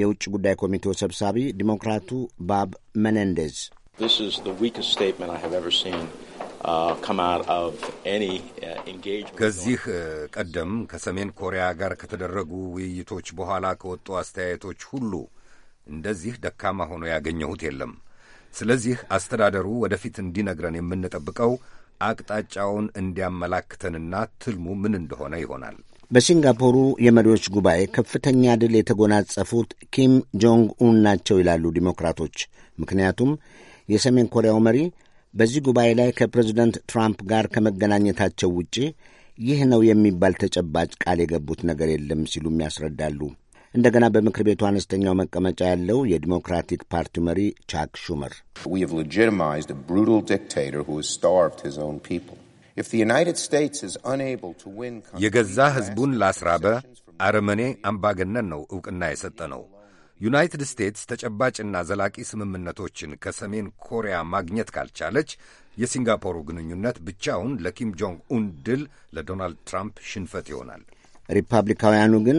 የውጭ ጉዳይ ኮሚቴው ሰብሳቢ ዲሞክራቱ ባብ መነንዴዝ uh, uh, ከዚህ uh, ቀደም ከሰሜን ኮሪያ ጋር ከተደረጉ ውይይቶች በኋላ ከወጡ አስተያየቶች ሁሉ እንደዚህ ደካማ ሆኖ ያገኘሁት የለም። ስለዚህ አስተዳደሩ ወደፊት እንዲነግረን የምንጠብቀው አቅጣጫውን እንዲያመላክተንና ትልሙ ምን እንደሆነ ይሆናል። በሲንጋፖሩ የመሪዎች ጉባኤ ከፍተኛ ድል የተጎናጸፉት ኪም ጆንግ ኡን ናቸው ይላሉ ዲሞክራቶች። ምክንያቱም የሰሜን ኮሪያው መሪ በዚህ ጉባኤ ላይ ከፕሬዚደንት ትራምፕ ጋር ከመገናኘታቸው ውጪ ይህ ነው የሚባል ተጨባጭ ቃል የገቡት ነገር የለም ሲሉም ያስረዳሉ። እንደገና በምክር ቤቱ አነስተኛው መቀመጫ ያለው የዲሞክራቲክ ፓርቲ መሪ ቻክ ሹመር የገዛ ሕዝቡን ላስራበ አረመኔ አምባገነን ነው ዕውቅና የሰጠ ነው። ዩናይትድ ስቴትስ ተጨባጭና ዘላቂ ስምምነቶችን ከሰሜን ኮሪያ ማግኘት ካልቻለች የሲንጋፖሩ ግንኙነት ብቻውን ለኪም ጆንግ ኡን ድል፣ ለዶናልድ ትራምፕ ሽንፈት ይሆናል። ሪፐብሊካውያኑ ግን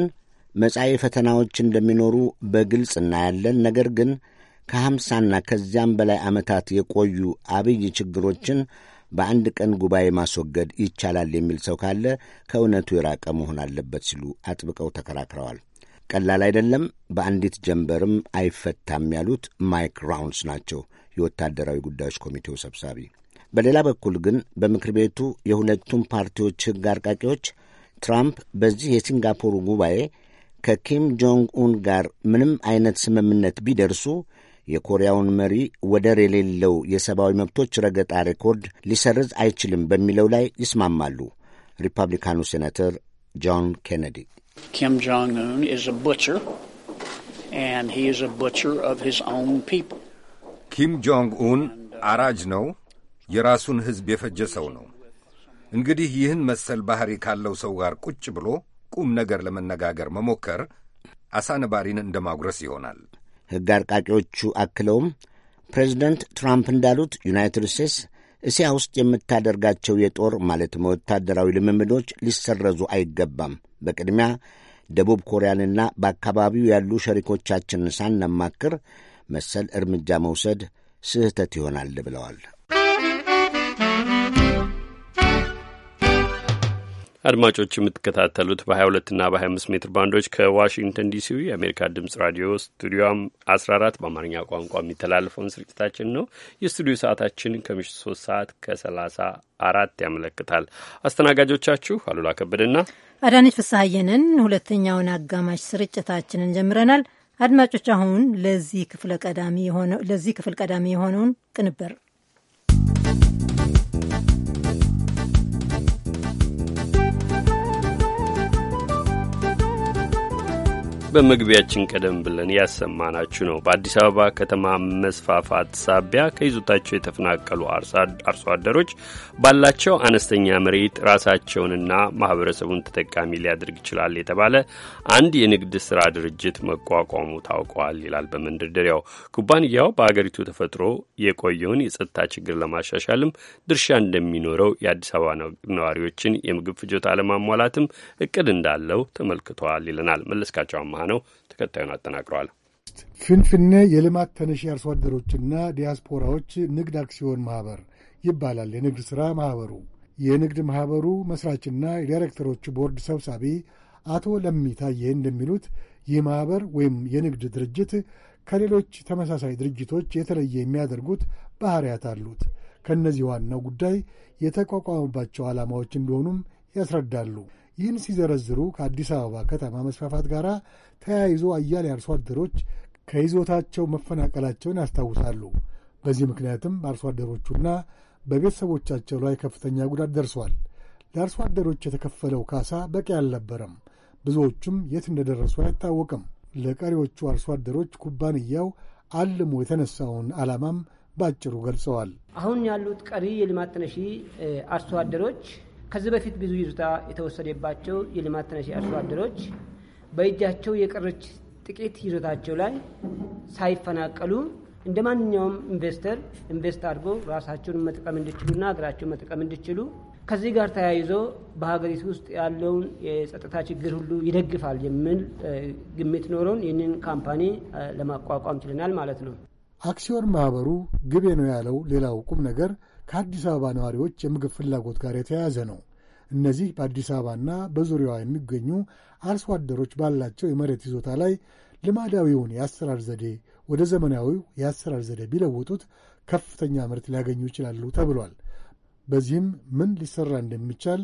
መጻኢ ፈተናዎች እንደሚኖሩ በግልጽ እናያለን። ነገር ግን ከሀምሳና ከዚያም በላይ ዓመታት የቆዩ አብይ ችግሮችን በአንድ ቀን ጉባኤ ማስወገድ ይቻላል የሚል ሰው ካለ ከእውነቱ የራቀ መሆን አለበት ሲሉ አጥብቀው ተከራክረዋል። ቀላል አይደለም፣ በአንዲት ጀንበርም አይፈታም ያሉት ማይክ ራውንስ ናቸው፣ የወታደራዊ ጉዳዮች ኮሚቴው ሰብሳቢ። በሌላ በኩል ግን በምክር ቤቱ የሁለቱም ፓርቲዎች ሕግ አርቃቂዎች ትራምፕ በዚህ የሲንጋፖሩ ጉባኤ ከኪም ጆንግ ኡን ጋር ምንም አይነት ስምምነት ቢደርሱ የኮሪያውን መሪ ወደር የሌለው የሰብአዊ መብቶች ረገጣ ሬኮርድ ሊሰርዝ አይችልም በሚለው ላይ ይስማማሉ። ሪፐብሊካኑ ሴናተር ጆን ኬነዲ ኪም ጆንግ ኡን ኪም ኡን አራጅ ነው፣ የራሱን ሕዝብ የፈጀ ሰው ነው። እንግዲህ ይህን መሰል ባሕሪ ካለው ሰው ጋር ቁጭ ብሎ ቁም ነገር ለመነጋገር መሞከር አሳ ነባሪን እንደ ማጉረስ ይሆናል። ሕግ አርቃቂዎቹ አክለውም ፕሬዚደንት ትራምፕ እንዳሉት ዩናይትድ ስቴትስ እስያ ውስጥ የምታደርጋቸው የጦር ማለትም ወታደራዊ ልምምዶች ሊሰረዙ አይገባም። በቅድሚያ ደቡብ ኮሪያንና በአካባቢው ያሉ ሸሪኮቻችንን ሳናማክር መሰል እርምጃ መውሰድ ስህተት ይሆናል ብለዋል። አድማጮች የምትከታተሉት በ22 እና በ25 ሜትር ባንዶች ከዋሽንግተን ዲሲው የአሜሪካ ድምጽ ራዲዮ ስቱዲዮም 14 በአማርኛ ቋንቋ የሚተላለፈውን ስርጭታችን ነው። የስቱዲዮ ሰዓታችን ከምሽት 3 ሰዓት ከ አራት ያመለክታል። አስተናጋጆቻችሁ አሉላ ከበደና አዳነች ፍስሐየንን። ሁለተኛውን አጋማሽ ስርጭታችንን ጀምረናል። አድማጮች አሁን ለዚህ ክፍል ቀዳሚ የሆነውን ቅንበር በመግቢያችን ቀደም ብለን ያሰማናችሁ ነው። በአዲስ አበባ ከተማ መስፋፋት ሳቢያ ከይዞታቸው የተፈናቀሉ አርሶ አደሮች ባላቸው አነስተኛ መሬት ራሳቸውንና ማህበረሰቡን ተጠቃሚ ሊያደርግ ይችላል የተባለ አንድ የንግድ ስራ ድርጅት መቋቋሙ ታውቋል ይላል በመንደርደሪያው። ኩባንያው በአገሪቱ ተፈጥሮ የቆየውን የጸጥታ ችግር ለማሻሻልም ድርሻ እንደሚኖረው፣ የአዲስ አበባ ነዋሪዎችን የምግብ ፍጆታ ለማሟላትም እቅድ እንዳለው ተመልክቷል ይለናል መለስካቸው አብርሃ ነው ተከታዩን አጠናቅረዋል። ፍንፍኔ የልማት ተነሺ አርሶ አደሮችና ዲያስፖራዎች ንግድ አክሲዮን ማህበር ይባላል የንግድ ሥራ ማኅበሩ። የንግድ ማኅበሩ መሥራችና የዳይሬክተሮች ቦርድ ሰብሳቢ አቶ ለሚታ እንደሚሉት ይህ ማኅበር ወይም የንግድ ድርጅት ከሌሎች ተመሳሳይ ድርጅቶች የተለየ የሚያደርጉት ባሕርያት አሉት። ከእነዚህ ዋናው ጉዳይ የተቋቋመባቸው ዓላማዎች እንደሆኑም ያስረዳሉ። ይህን ሲዘረዝሩ ከአዲስ አበባ ከተማ መስፋፋት ጋር ተያይዞ አያሌ አርሶ አደሮች ከይዞታቸው መፈናቀላቸውን ያስታውሳሉ። በዚህ ምክንያትም አርሶ አደሮቹና በቤተሰቦቻቸው ላይ ከፍተኛ ጉዳት ደርሷል። ለአርሶ አደሮች የተከፈለው ካሳ በቂ አልነበረም። ብዙዎቹም የት እንደደረሱ አይታወቅም። ለቀሪዎቹ አርሶ አደሮች ኩባንያው አልሞ የተነሳውን ዓላማም ባጭሩ ገልጸዋል። አሁን ያሉት ቀሪ የልማት ተነሺ አርሶ አደሮች ከዚህ በፊት ብዙ ይዞታ የተወሰደባቸው የልማት ተነሺ አርሶ አደሮች በእጃቸው የቀረች ጥቂት ይዞታቸው ላይ ሳይፈናቀሉ እንደ ማንኛውም ኢንቨስተር ኢንቨስት አድርጎ ራሳቸውን መጠቀም እንዲችሉና ሀገራቸውን መጠቀም እንዲችሉ ከዚህ ጋር ተያይዞ በሀገሪቱ ውስጥ ያለውን የጸጥታ ችግር ሁሉ ይደግፋል የሚል ግምት ኖረውን ይህንን ካምፓኒ ለማቋቋም ችለናል ማለት ነው። አክሲዮን ማህበሩ ግቤ ነው ያለው ሌላው ቁም ነገር ከአዲስ አበባ ነዋሪዎች የምግብ ፍላጎት ጋር የተያያዘ ነው። እነዚህ በአዲስ አበባና በዙሪያዋ የሚገኙ አርሶ አደሮች ባላቸው የመሬት ይዞታ ላይ ልማዳዊውን የአሰራር ዘዴ ወደ ዘመናዊው የአሰራር ዘዴ ቢለውጡት ከፍተኛ ምርት ሊያገኙ ይችላሉ ተብሏል። በዚህም ምን ሊሰራ እንደሚቻል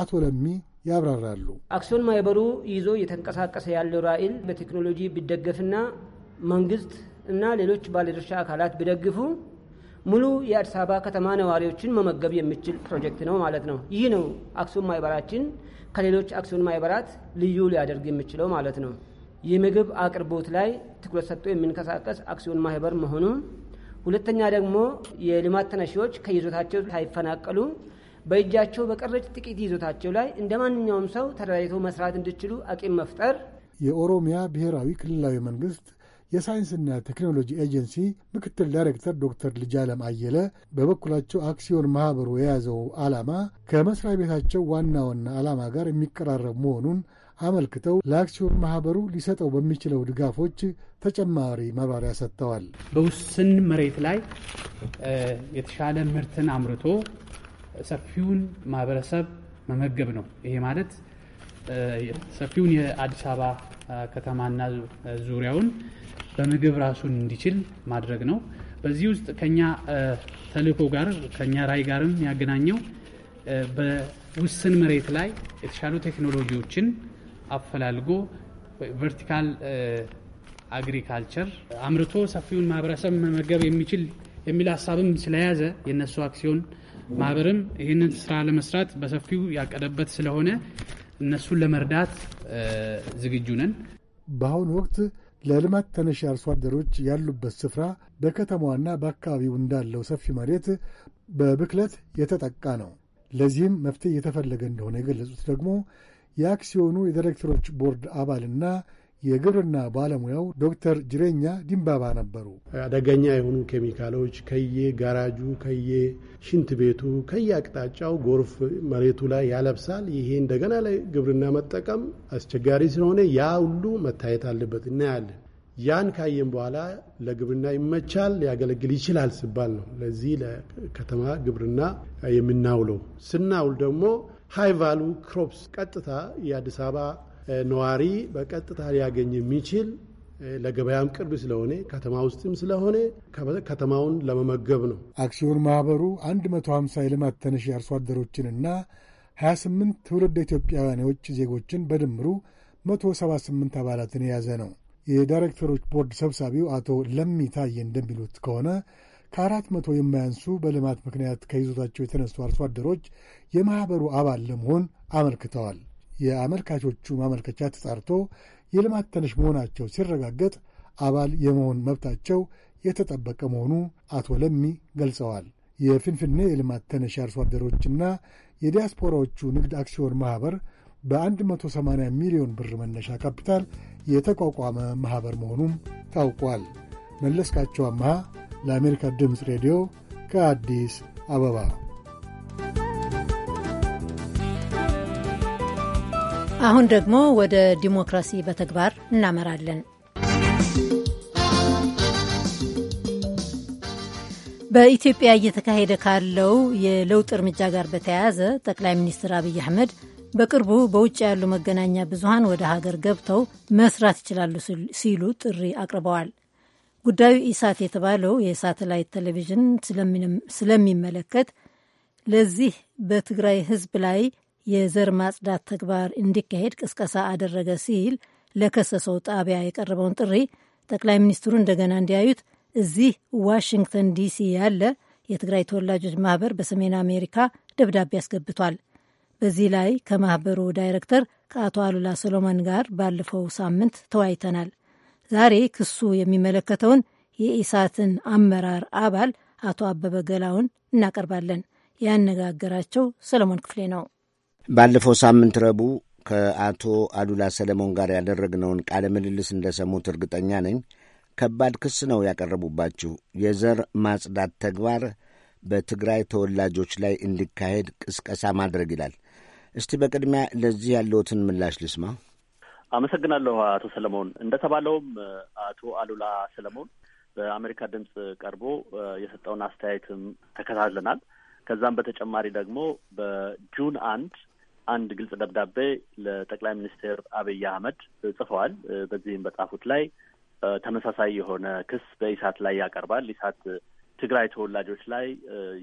አቶ ለሚ ያብራራሉ። አክሲዮን ማህበሩ ይዞ እየተንቀሳቀሰ ያለው ራዕይ በቴክኖሎጂ ቢደገፍና መንግስት እና ሌሎች ባለድርሻ አካላት ቢደግፉ ሙሉ የአዲስ አበባ ከተማ ነዋሪዎችን መመገብ የሚችል ፕሮጀክት ነው ማለት ነው። ይህ ነው አክሲዮን ማህበራችን ከሌሎች አክሲዮን ማህበራት ልዩ ሊያደርግ የሚችለው ማለት ነው። የምግብ አቅርቦት ላይ ትኩረት ሰጥቶ የሚንቀሳቀስ አክሲዮን ማህበር መሆኑ፣ ሁለተኛ ደግሞ የልማት ተነሺዎች ከይዞታቸው ሳይፈናቀሉ በእጃቸው በቀረች ጥቂት ይዞታቸው ላይ እንደ ማንኛውም ሰው ተደራጅተው መስራት እንዲችሉ አቂም መፍጠር። የኦሮሚያ ብሔራዊ ክልላዊ መንግስት የሳይንስና ቴክኖሎጂ ኤጀንሲ ምክትል ዳይሬክተር ዶክተር ልጃለም አየለ በበኩላቸው አክሲዮን ማህበሩ የያዘው ዓላማ ከመስሪያ ቤታቸው ዋና ዋና ዓላማ ጋር የሚቀራረብ መሆኑን አመልክተው ለአክሲዮን ማህበሩ ሊሰጠው በሚችለው ድጋፎች ተጨማሪ ማብራሪያ ሰጥተዋል። በውስን መሬት ላይ የተሻለ ምርትን አምርቶ ሰፊውን ማህበረሰብ መመገብ ነው። ይሄ ማለት ሰፊውን የአዲስ አበባ ከተማና ዙሪያውን በምግብ ራሱን እንዲችል ማድረግ ነው። በዚህ ውስጥ ከኛ ተልእኮ ጋር ከኛ ራይ ጋርም ያገናኘው በውስን መሬት ላይ የተሻሉ ቴክኖሎጂዎችን አፈላልጎ ቨርቲካል አግሪካልቸር አምርቶ ሰፊውን ማህበረሰብ መመገብ የሚችል የሚል ሀሳብም ስለያዘ የእነሱ አክሲዮን ማህበርም ይህንን ስራ ለመስራት በሰፊው ያቀደበት ስለሆነ እነሱን ለመርዳት ዝግጁ ነን። በአሁኑ ወቅት ለልማት ተነሽ አርሶ አደሮች ያሉበት ስፍራ በከተማዋና በአካባቢው እንዳለው ሰፊ መሬት በብክለት የተጠቃ ነው። ለዚህም መፍትሄ እየተፈለገ እንደሆነ የገለጹት ደግሞ የአክሲዮኑ የዳይሬክተሮች ቦርድ አባልና የግብርና ባለሙያው ዶክተር ጅሬኛ ዲምባባ ነበሩ። አደገኛ የሆኑ ኬሚካሎች ከየ ጋራጁ፣ ከየ ሽንት ቤቱ፣ ከየ አቅጣጫው ጎርፍ መሬቱ ላይ ያለብሳል። ይሄ እንደገና ላይ ግብርና መጠቀም አስቸጋሪ ስለሆነ ያ ሁሉ መታየት አለበት እናያለን። ያን ካየን በኋላ ለግብርና ይመቻል ሊያገለግል ይችላል ሲባል ነው ለዚህ ለከተማ ግብርና የምናውለው። ስናውል ደግሞ ሃይ ቫሉ ክሮፕስ ቀጥታ የአዲስ አበባ ነዋሪ በቀጥታ ሊያገኝ የሚችል ለገበያም ቅርብ ስለሆነ ከተማ ውስጥም ስለሆነ ከተማውን ለመመገብ ነው። አክሲዮን ማኅበሩ 150 የልማት ተነሽ አርሶ አደሮችንና 28 ትውልድ ኢትዮጵያውያን የውጭ ዜጎችን በድምሩ 178 አባላትን የያዘ ነው። የዳይሬክተሮች ቦርድ ሰብሳቢው አቶ ለሚ እንደሚሉት ከሆነ ከአራት መቶ የማያንሱ በልማት ምክንያት ከይዞታቸው የተነሱ አርሶ አደሮች የማኅበሩ አባል ለመሆን አመልክተዋል። የአመልካቾቹ ማመልከቻ ተጣርቶ የልማት ተነሽ መሆናቸው ሲረጋገጥ አባል የመሆን መብታቸው የተጠበቀ መሆኑ አቶ ለሚ ገልጸዋል። የፊንፊኔ የልማት ተነሽ አርሶ አደሮችና የዲያስፖራዎቹ ንግድ አክሲዮን ማኅበር በ180 ሚሊዮን ብር መነሻ ካፒታል የተቋቋመ ማኅበር መሆኑም ታውቋል። መለስካቸው አመሃ ለአሜሪካ ድምፅ ሬዲዮ ከአዲስ አበባ አሁን ደግሞ ወደ ዲሞክራሲ በተግባር እናመራለን። በኢትዮጵያ እየተካሄደ ካለው የለውጥ እርምጃ ጋር በተያያዘ ጠቅላይ ሚኒስትር አብይ አህመድ በቅርቡ በውጭ ያሉ መገናኛ ብዙሃን ወደ ሀገር ገብተው መስራት ይችላሉ ሲሉ ጥሪ አቅርበዋል። ጉዳዩ ኢሳት የተባለው የሳተላይት ቴሌቪዥን ስለሚመለከት ለዚህ በትግራይ ሕዝብ ላይ የዘር ማጽዳት ተግባር እንዲካሄድ ቅስቀሳ አደረገ ሲል ለከሰሰው ጣቢያ የቀረበውን ጥሪ ጠቅላይ ሚኒስትሩ እንደገና እንዲያዩት እዚህ ዋሽንግተን ዲሲ ያለ የትግራይ ተወላጆች ማህበር በሰሜን አሜሪካ ደብዳቤ አስገብቷል። በዚህ ላይ ከማህበሩ ዳይሬክተር ከአቶ አሉላ ሰሎሞን ጋር ባለፈው ሳምንት ተወያይተናል። ዛሬ ክሱ የሚመለከተውን የኢሳትን አመራር አባል አቶ አበበ ገላውን እናቀርባለን። ያነጋገራቸው ሰለሞን ክፍሌ ነው። ባለፈው ሳምንት ረቡዕ ከአቶ አሉላ ሰለሞን ጋር ያደረግነውን ቃለ ምልልስ እንደሰሙት እርግጠኛ ነኝ። ከባድ ክስ ነው ያቀረቡባችሁ። የዘር ማጽዳት ተግባር በትግራይ ተወላጆች ላይ እንዲካሄድ ቅስቀሳ ማድረግ ይላል። እስቲ በቅድሚያ ለዚህ ያለዎትን ምላሽ ልስማ። አመሰግናለሁ አቶ ሰለሞን። እንደተባለውም አቶ አሉላ ሰለሞን በአሜሪካ ድምፅ ቀርቦ የሰጠውን አስተያየትም ተከታትለናል። ከዛም በተጨማሪ ደግሞ በጁን አንድ አንድ ግልጽ ደብዳቤ ለጠቅላይ ሚኒስትር አብይ አህመድ ጽፈዋል። በዚህም በጻፉት ላይ ተመሳሳይ የሆነ ክስ በኢሳት ላይ ያቀርባል። ኢሳት ትግራይ ተወላጆች ላይ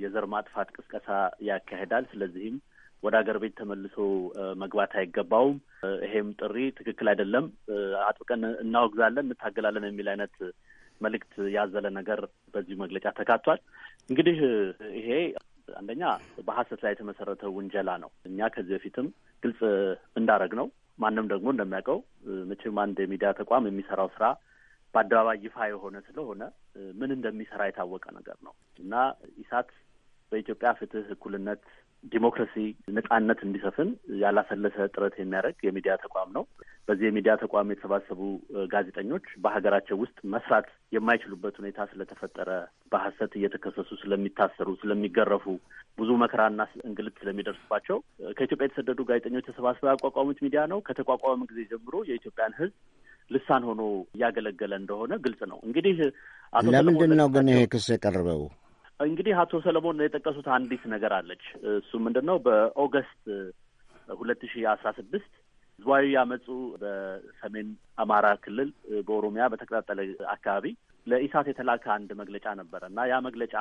የዘር ማጥፋት ቅስቀሳ ያካሄዳል። ስለዚህም ወደ ሀገር ቤት ተመልሶ መግባት አይገባውም። ይሄም ጥሪ ትክክል አይደለም፣ አጥብቀን እናወግዛለን፣ እንታገላለን የሚል አይነት መልእክት ያዘለ ነገር በዚሁ መግለጫ ተካቷል። እንግዲህ ይሄ አንደኛ በሀሰት ላይ የተመሰረተ ውንጀላ ነው። እኛ ከዚህ በፊትም ግልጽ እንዳረግ ነው ማንም ደግሞ እንደሚያውቀው መቼም አንድ የሚዲያ ተቋም የሚሰራው ስራ በአደባባይ ይፋ የሆነ ስለሆነ ምን እንደሚሰራ የታወቀ ነገር ነው እና ኢሳት በኢትዮጵያ ፍትህ፣ እኩልነት፣ ዲሞክራሲ፣ ነጻነት እንዲሰፍን ያላሰለሰ ጥረት የሚያደርግ የሚዲያ ተቋም ነው። በዚህ የሚዲያ ተቋም የተሰባሰቡ ጋዜጠኞች በሀገራቸው ውስጥ መስራት የማይችሉበት ሁኔታ ስለተፈጠረ፣ በሀሰት እየተከሰሱ ስለሚታሰሩ፣ ስለሚገረፉ፣ ብዙ መከራና እንግልት ስለሚደርስባቸው ከኢትዮጵያ የተሰደዱ ጋዜጠኞች ተሰባስበው ያቋቋሙት ሚዲያ ነው። ከተቋቋመ ጊዜ ጀምሮ የኢትዮጵያን ሕዝብ ልሳን ሆኖ እያገለገለ እንደሆነ ግልጽ ነው። እንግዲህ ለምንድን ነው ግን ይሄ ክስ የቀረበው? እንግዲህ አቶ ሰለሞን የጠቀሱት አንዲት ነገር አለች። እሱ ምንድን ነው? በኦገስት ሁለት ሺ አስራ ስድስት ህዝባዊ ያመፁ በሰሜን አማራ ክልል በኦሮሚያ በተቀጣጠለ አካባቢ ለኢሳት የተላከ አንድ መግለጫ ነበረ እና ያ መግለጫ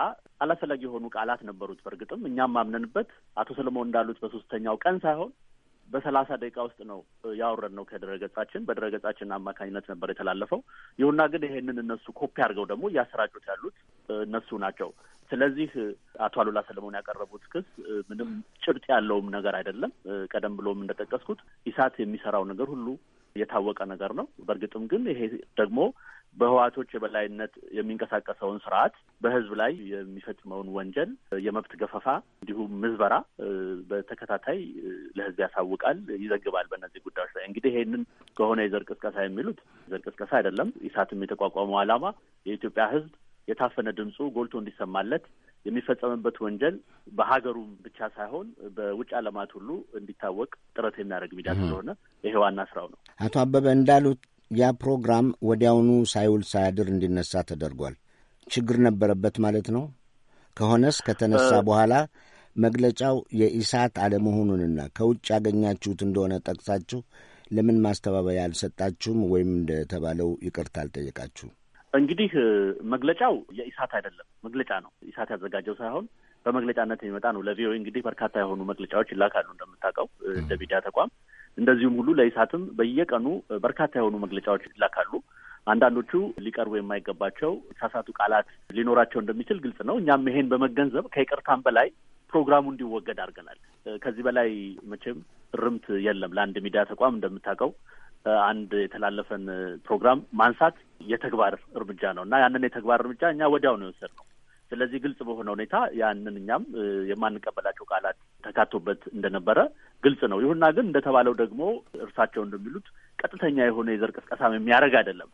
አላስፈላጊ የሆኑ ቃላት ነበሩት። በእርግጥም እኛም ማምነንበት አቶ ሰለሞን እንዳሉት በሶስተኛው ቀን ሳይሆን በሰላሳ ደቂቃ ውስጥ ነው ያወረድ ነው ከድረገጻችን በድረገጻችን አማካኝነት ነበር የተላለፈው። ይሁና ግን ይሄንን እነሱ ኮፒ አድርገው ደግሞ እያሰራጩት ያሉት እነሱ ናቸው። ስለዚህ አቶ አሉላ ሰለሞን ያቀረቡት ክስ ምንም ጭብጥ ያለውም ነገር አይደለም። ቀደም ብሎም እንደጠቀስኩት ኢሳት የሚሰራው ነገር ሁሉ የታወቀ ነገር ነው። በእርግጥም ግን ይሄ ደግሞ በህዋቶች የበላይነት የሚንቀሳቀሰውን ስርዓት በህዝብ ላይ የሚፈጽመውን ወንጀል፣ የመብት ገፈፋ እንዲሁም ምዝበራ በተከታታይ ለህዝብ ያሳውቃል፣ ይዘግባል። በእነዚህ ጉዳዮች ላይ እንግዲህ ይሄንን ከሆነ የዘር ቅስቀሳ የሚሉት ዘር ቅስቀሳ አይደለም። ኢሳትም የተቋቋመው ዓላማ የኢትዮጵያ ህዝብ የታፈነ ድምፁ ጎልቶ እንዲሰማለት የሚፈጸምበት ወንጀል በሀገሩ ብቻ ሳይሆን በውጭ ዓለማት ሁሉ እንዲታወቅ ጥረት የሚያደርግ ሚዲያ ስለሆነ ይሄ ዋና ስራው ነው። አቶ አበበ እንዳሉት ያ ፕሮግራም ወዲያውኑ ሳይውል ሳያድር እንዲነሳ ተደርጓል። ችግር ነበረበት ማለት ነው። ከሆነስ ከተነሳ በኋላ መግለጫው የኢሳት አለመሆኑንና ከውጭ ያገኛችሁት እንደሆነ ጠቅሳችሁ ለምን ማስተባበያ አልሰጣችሁም? ወይም እንደተባለው ይቅርታ አልጠየቃችሁም? እንግዲህ መግለጫው የኢሳት አይደለም፣ መግለጫ ነው። ኢሳት ያዘጋጀው ሳይሆን በመግለጫነት የሚመጣ ነው። ለቪኦኤ እንግዲህ በርካታ የሆኑ መግለጫዎች ይላካሉ እንደምታውቀው፣ እንደ ሚዲያ ተቋም እንደዚሁም ሁሉ ለኢሳትም በየቀኑ በርካታ የሆኑ መግለጫዎች ይላካሉ። አንዳንዶቹ ሊቀርቡ የማይገባቸው ሳሳቱ ቃላት ሊኖራቸው እንደሚችል ግልጽ ነው። እኛም ይሄን በመገንዘብ ከይቅርታም በላይ ፕሮግራሙ እንዲወገድ አድርገናል። ከዚህ በላይ መቼም እርምት የለም ለአንድ ሚዲያ ተቋም እንደምታውቀው አንድ የተላለፈን ፕሮግራም ማንሳት የተግባር እርምጃ ነው እና ያንን የተግባር እርምጃ እኛ ወዲያው ነው የወሰድነው። ስለዚህ ግልጽ በሆነ ሁኔታ ያንን እኛም የማንቀበላቸው ቃላት ተካቶበት እንደነበረ ግልጽ ነው። ይሁንና ግን እንደተባለው ደግሞ እርሳቸው እንደሚሉት ቀጥተኛ የሆነ የዘር ቅስቀሳም የሚያደርግ አይደለም።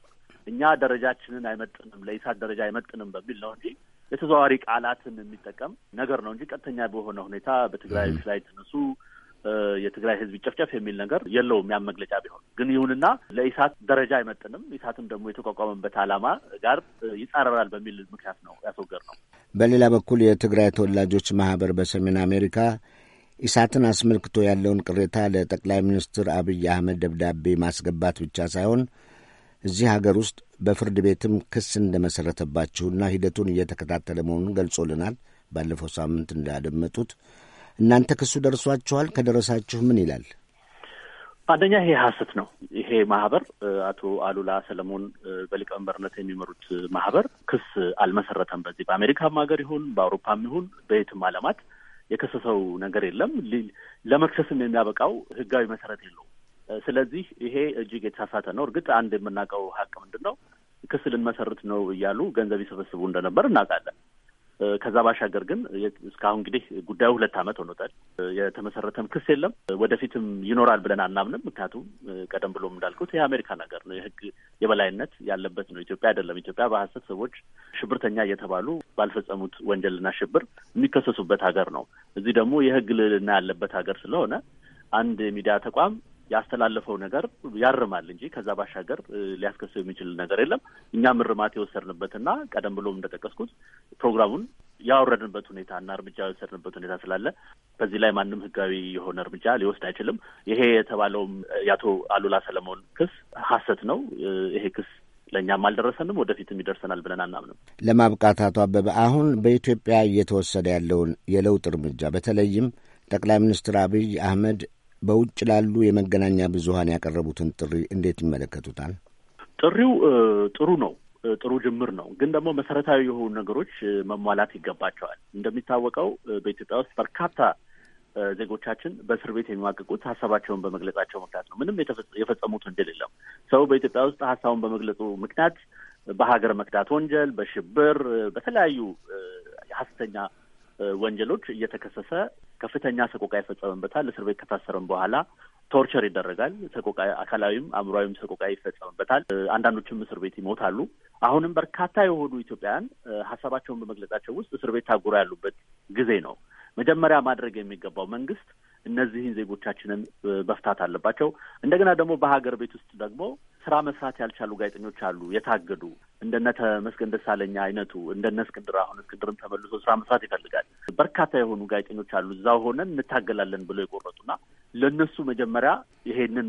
እኛ ደረጃችንን አይመጥንም፣ ለኢሳት ደረጃ አይመጥንም በሚል ነው እንጂ የተዘዋዋሪ ቃላትን የሚጠቀም ነገር ነው እንጂ ቀጥተኛ በሆነ ሁኔታ በትግራይ ላይ ተነሱ የትግራይ ህዝብ ይጨፍጨፍ የሚል ነገር የለውም። ያም መግለጫ ቢሆን ግን ይሁንና ለኢሳት ደረጃ አይመጥንም። ኢሳትም ደግሞ የተቋቋመበት ዓላማ ጋር ይጻረራል በሚል ምክንያት ነው ያስወገር ነው። በሌላ በኩል የትግራይ ተወላጆች ማህበር በሰሜን አሜሪካ ኢሳትን አስመልክቶ ያለውን ቅሬታ ለጠቅላይ ሚኒስትር አብይ አህመድ ደብዳቤ ማስገባት ብቻ ሳይሆን እዚህ ሀገር ውስጥ በፍርድ ቤትም ክስ እንደመሠረተባችሁና ሂደቱን እየተከታተለ መሆኑን ገልጾልናል። ባለፈው ሳምንት እንዳደመጡት እናንተ ክሱ ደርሷችኋል? ከደረሳችሁ ምን ይላል? አንደኛ ይሄ ሀሰት ነው። ይሄ ማህበር አቶ አሉላ ሰለሞን በሊቀመንበርነት የሚመሩት ማህበር ክስ አልመሰረተም። በዚህ በአሜሪካም ሀገር ይሁን በአውሮፓም ይሁን በየትም አለማት የከሰሰው ነገር የለም። ለመክሰስም የሚያበቃው ህጋዊ መሰረት የለውም። ስለዚህ ይሄ እጅግ የተሳሳተ ነው። እርግጥ አንድ የምናውቀው ሀቅ ምንድን ነው? ክስ ልንመሰርት ነው እያሉ ገንዘብ ይሰበስቡ እንደነበር እናውቃለን። ከዛ ባሻገር ግን እስካሁን እንግዲህ ጉዳዩ ሁለት ዓመት ሆኖታል። የተመሰረተም ክስ የለም። ወደፊትም ይኖራል ብለን አናምንም። ምክንያቱም ቀደም ብሎም እንዳልኩት የአሜሪካን ሀገር ነው፣ የህግ የበላይነት ያለበት ነው። ኢትዮጵያ አይደለም። ኢትዮጵያ በሀሰት ሰዎች ሽብርተኛ እየተባሉ ባልፈጸሙት ወንጀልና ሽብር የሚከሰሱበት ሀገር ነው። እዚህ ደግሞ የህግ ልዕልና ያለበት ሀገር ስለሆነ አንድ የሚዲያ ተቋም ያስተላለፈው ነገር ያርማል እንጂ ከዛ ባሻገር ሊያስከሰው የሚችል ነገር የለም። እኛም እርማት የወሰድንበትና ቀደም ብሎም እንደጠቀስኩት ፕሮግራሙን ያወረድንበት ሁኔታ እና እርምጃ የወሰድንበት ሁኔታ ስላለ በዚህ ላይ ማንም ህጋዊ የሆነ እርምጃ ሊወስድ አይችልም። ይሄ የተባለውም የአቶ አሉላ ሰለሞን ክስ ሀሰት ነው። ይሄ ክስ ለእኛም አልደረሰንም፣ ወደፊትም ይደርሰናል ብለን አናምንም። ለማብቃት አቶ አበበ አሁን በኢትዮጵያ እየተወሰደ ያለውን የለውጥ እርምጃ በተለይም ጠቅላይ ሚኒስትር አብይ አህመድ በውጭ ላሉ የመገናኛ ብዙኃን ያቀረቡትን ጥሪ እንዴት ይመለከቱታል? ጥሪው ጥሩ ነው፣ ጥሩ ጅምር ነው። ግን ደግሞ መሰረታዊ የሆኑ ነገሮች መሟላት ይገባቸዋል። እንደሚታወቀው በኢትዮጵያ ውስጥ በርካታ ዜጎቻችን በእስር ቤት የሚማቀቁት ሀሳባቸውን በመግለጻቸው ምክንያት ነው። ምንም የፈጸሙት ወንጀል የለም። ሰው በኢትዮጵያ ውስጥ ሀሳቡን በመግለጹ ምክንያት በሀገር መክዳት ወንጀል፣ በሽብር፣ በተለያዩ ሀሰተኛ ወንጀሎች እየተከሰሰ ከፍተኛ ሰቆቃ ይፈጸምበታል። እስር ቤት ከታሰረም በኋላ ቶርቸር ይደረጋል። ሰቆቃ፣ አካላዊም አእምሯዊም ሰቆቃ ይፈጸምበታል። አንዳንዶችም እስር ቤት ይሞታሉ። አሁንም በርካታ የሆኑ ኢትዮጵያውያን ሀሳባቸውን በመግለጻቸው ውስጥ እስር ቤት ታጉራ ያሉበት ጊዜ ነው። መጀመሪያ ማድረግ የሚገባው መንግስት እነዚህን ዜጎቻችንን መፍታት አለባቸው። እንደገና ደግሞ በሀገር ቤት ውስጥ ደግሞ ስራ መስራት ያልቻሉ ጋዜጠኞች አሉ፣ የታገዱ እንደነ ተመስገን ደሳለኛ አይነቱ እንደነ እስክንድር አሁን እስክንድርን ተመልሶ ስራ መስራት ይፈልጋል። በርካታ የሆኑ ጋዜጠኞች አሉ እዛው ሆነን እንታገላለን ብሎ የቆረጡና ለእነሱ መጀመሪያ ይሄንን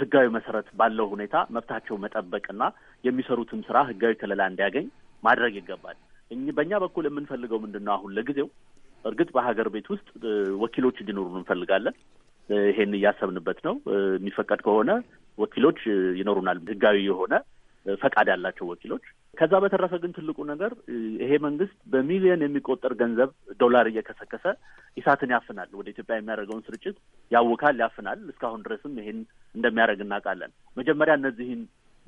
ህጋዊ መሰረት ባለው ሁኔታ መብታቸው መጠበቅና የሚሰሩትም ስራ ህጋዊ ከለላ እንዲያገኝ ማድረግ ይገባል። በእኛ በኩል የምንፈልገው ምንድን ነው? አሁን ለጊዜው እርግጥ በሀገር ቤት ውስጥ ወኪሎች እንዲኖሩ እንፈልጋለን። ይሄን እያሰብንበት ነው። የሚፈቀድ ከሆነ ወኪሎች ይኖሩናል ህጋዊ የሆነ ፈቃድ ያላቸው ወኪሎች። ከዛ በተረፈ ግን ትልቁ ነገር ይሄ መንግስት በሚሊዮን የሚቆጠር ገንዘብ ዶላር እየከሰከሰ ኢሳትን ያፍናል። ወደ ኢትዮጵያ የሚያደርገውን ስርጭት ያውካል፣ ያፍናል። እስካሁን ድረስም ይሄን እንደሚያደርግ እናውቃለን። መጀመሪያ እነዚህን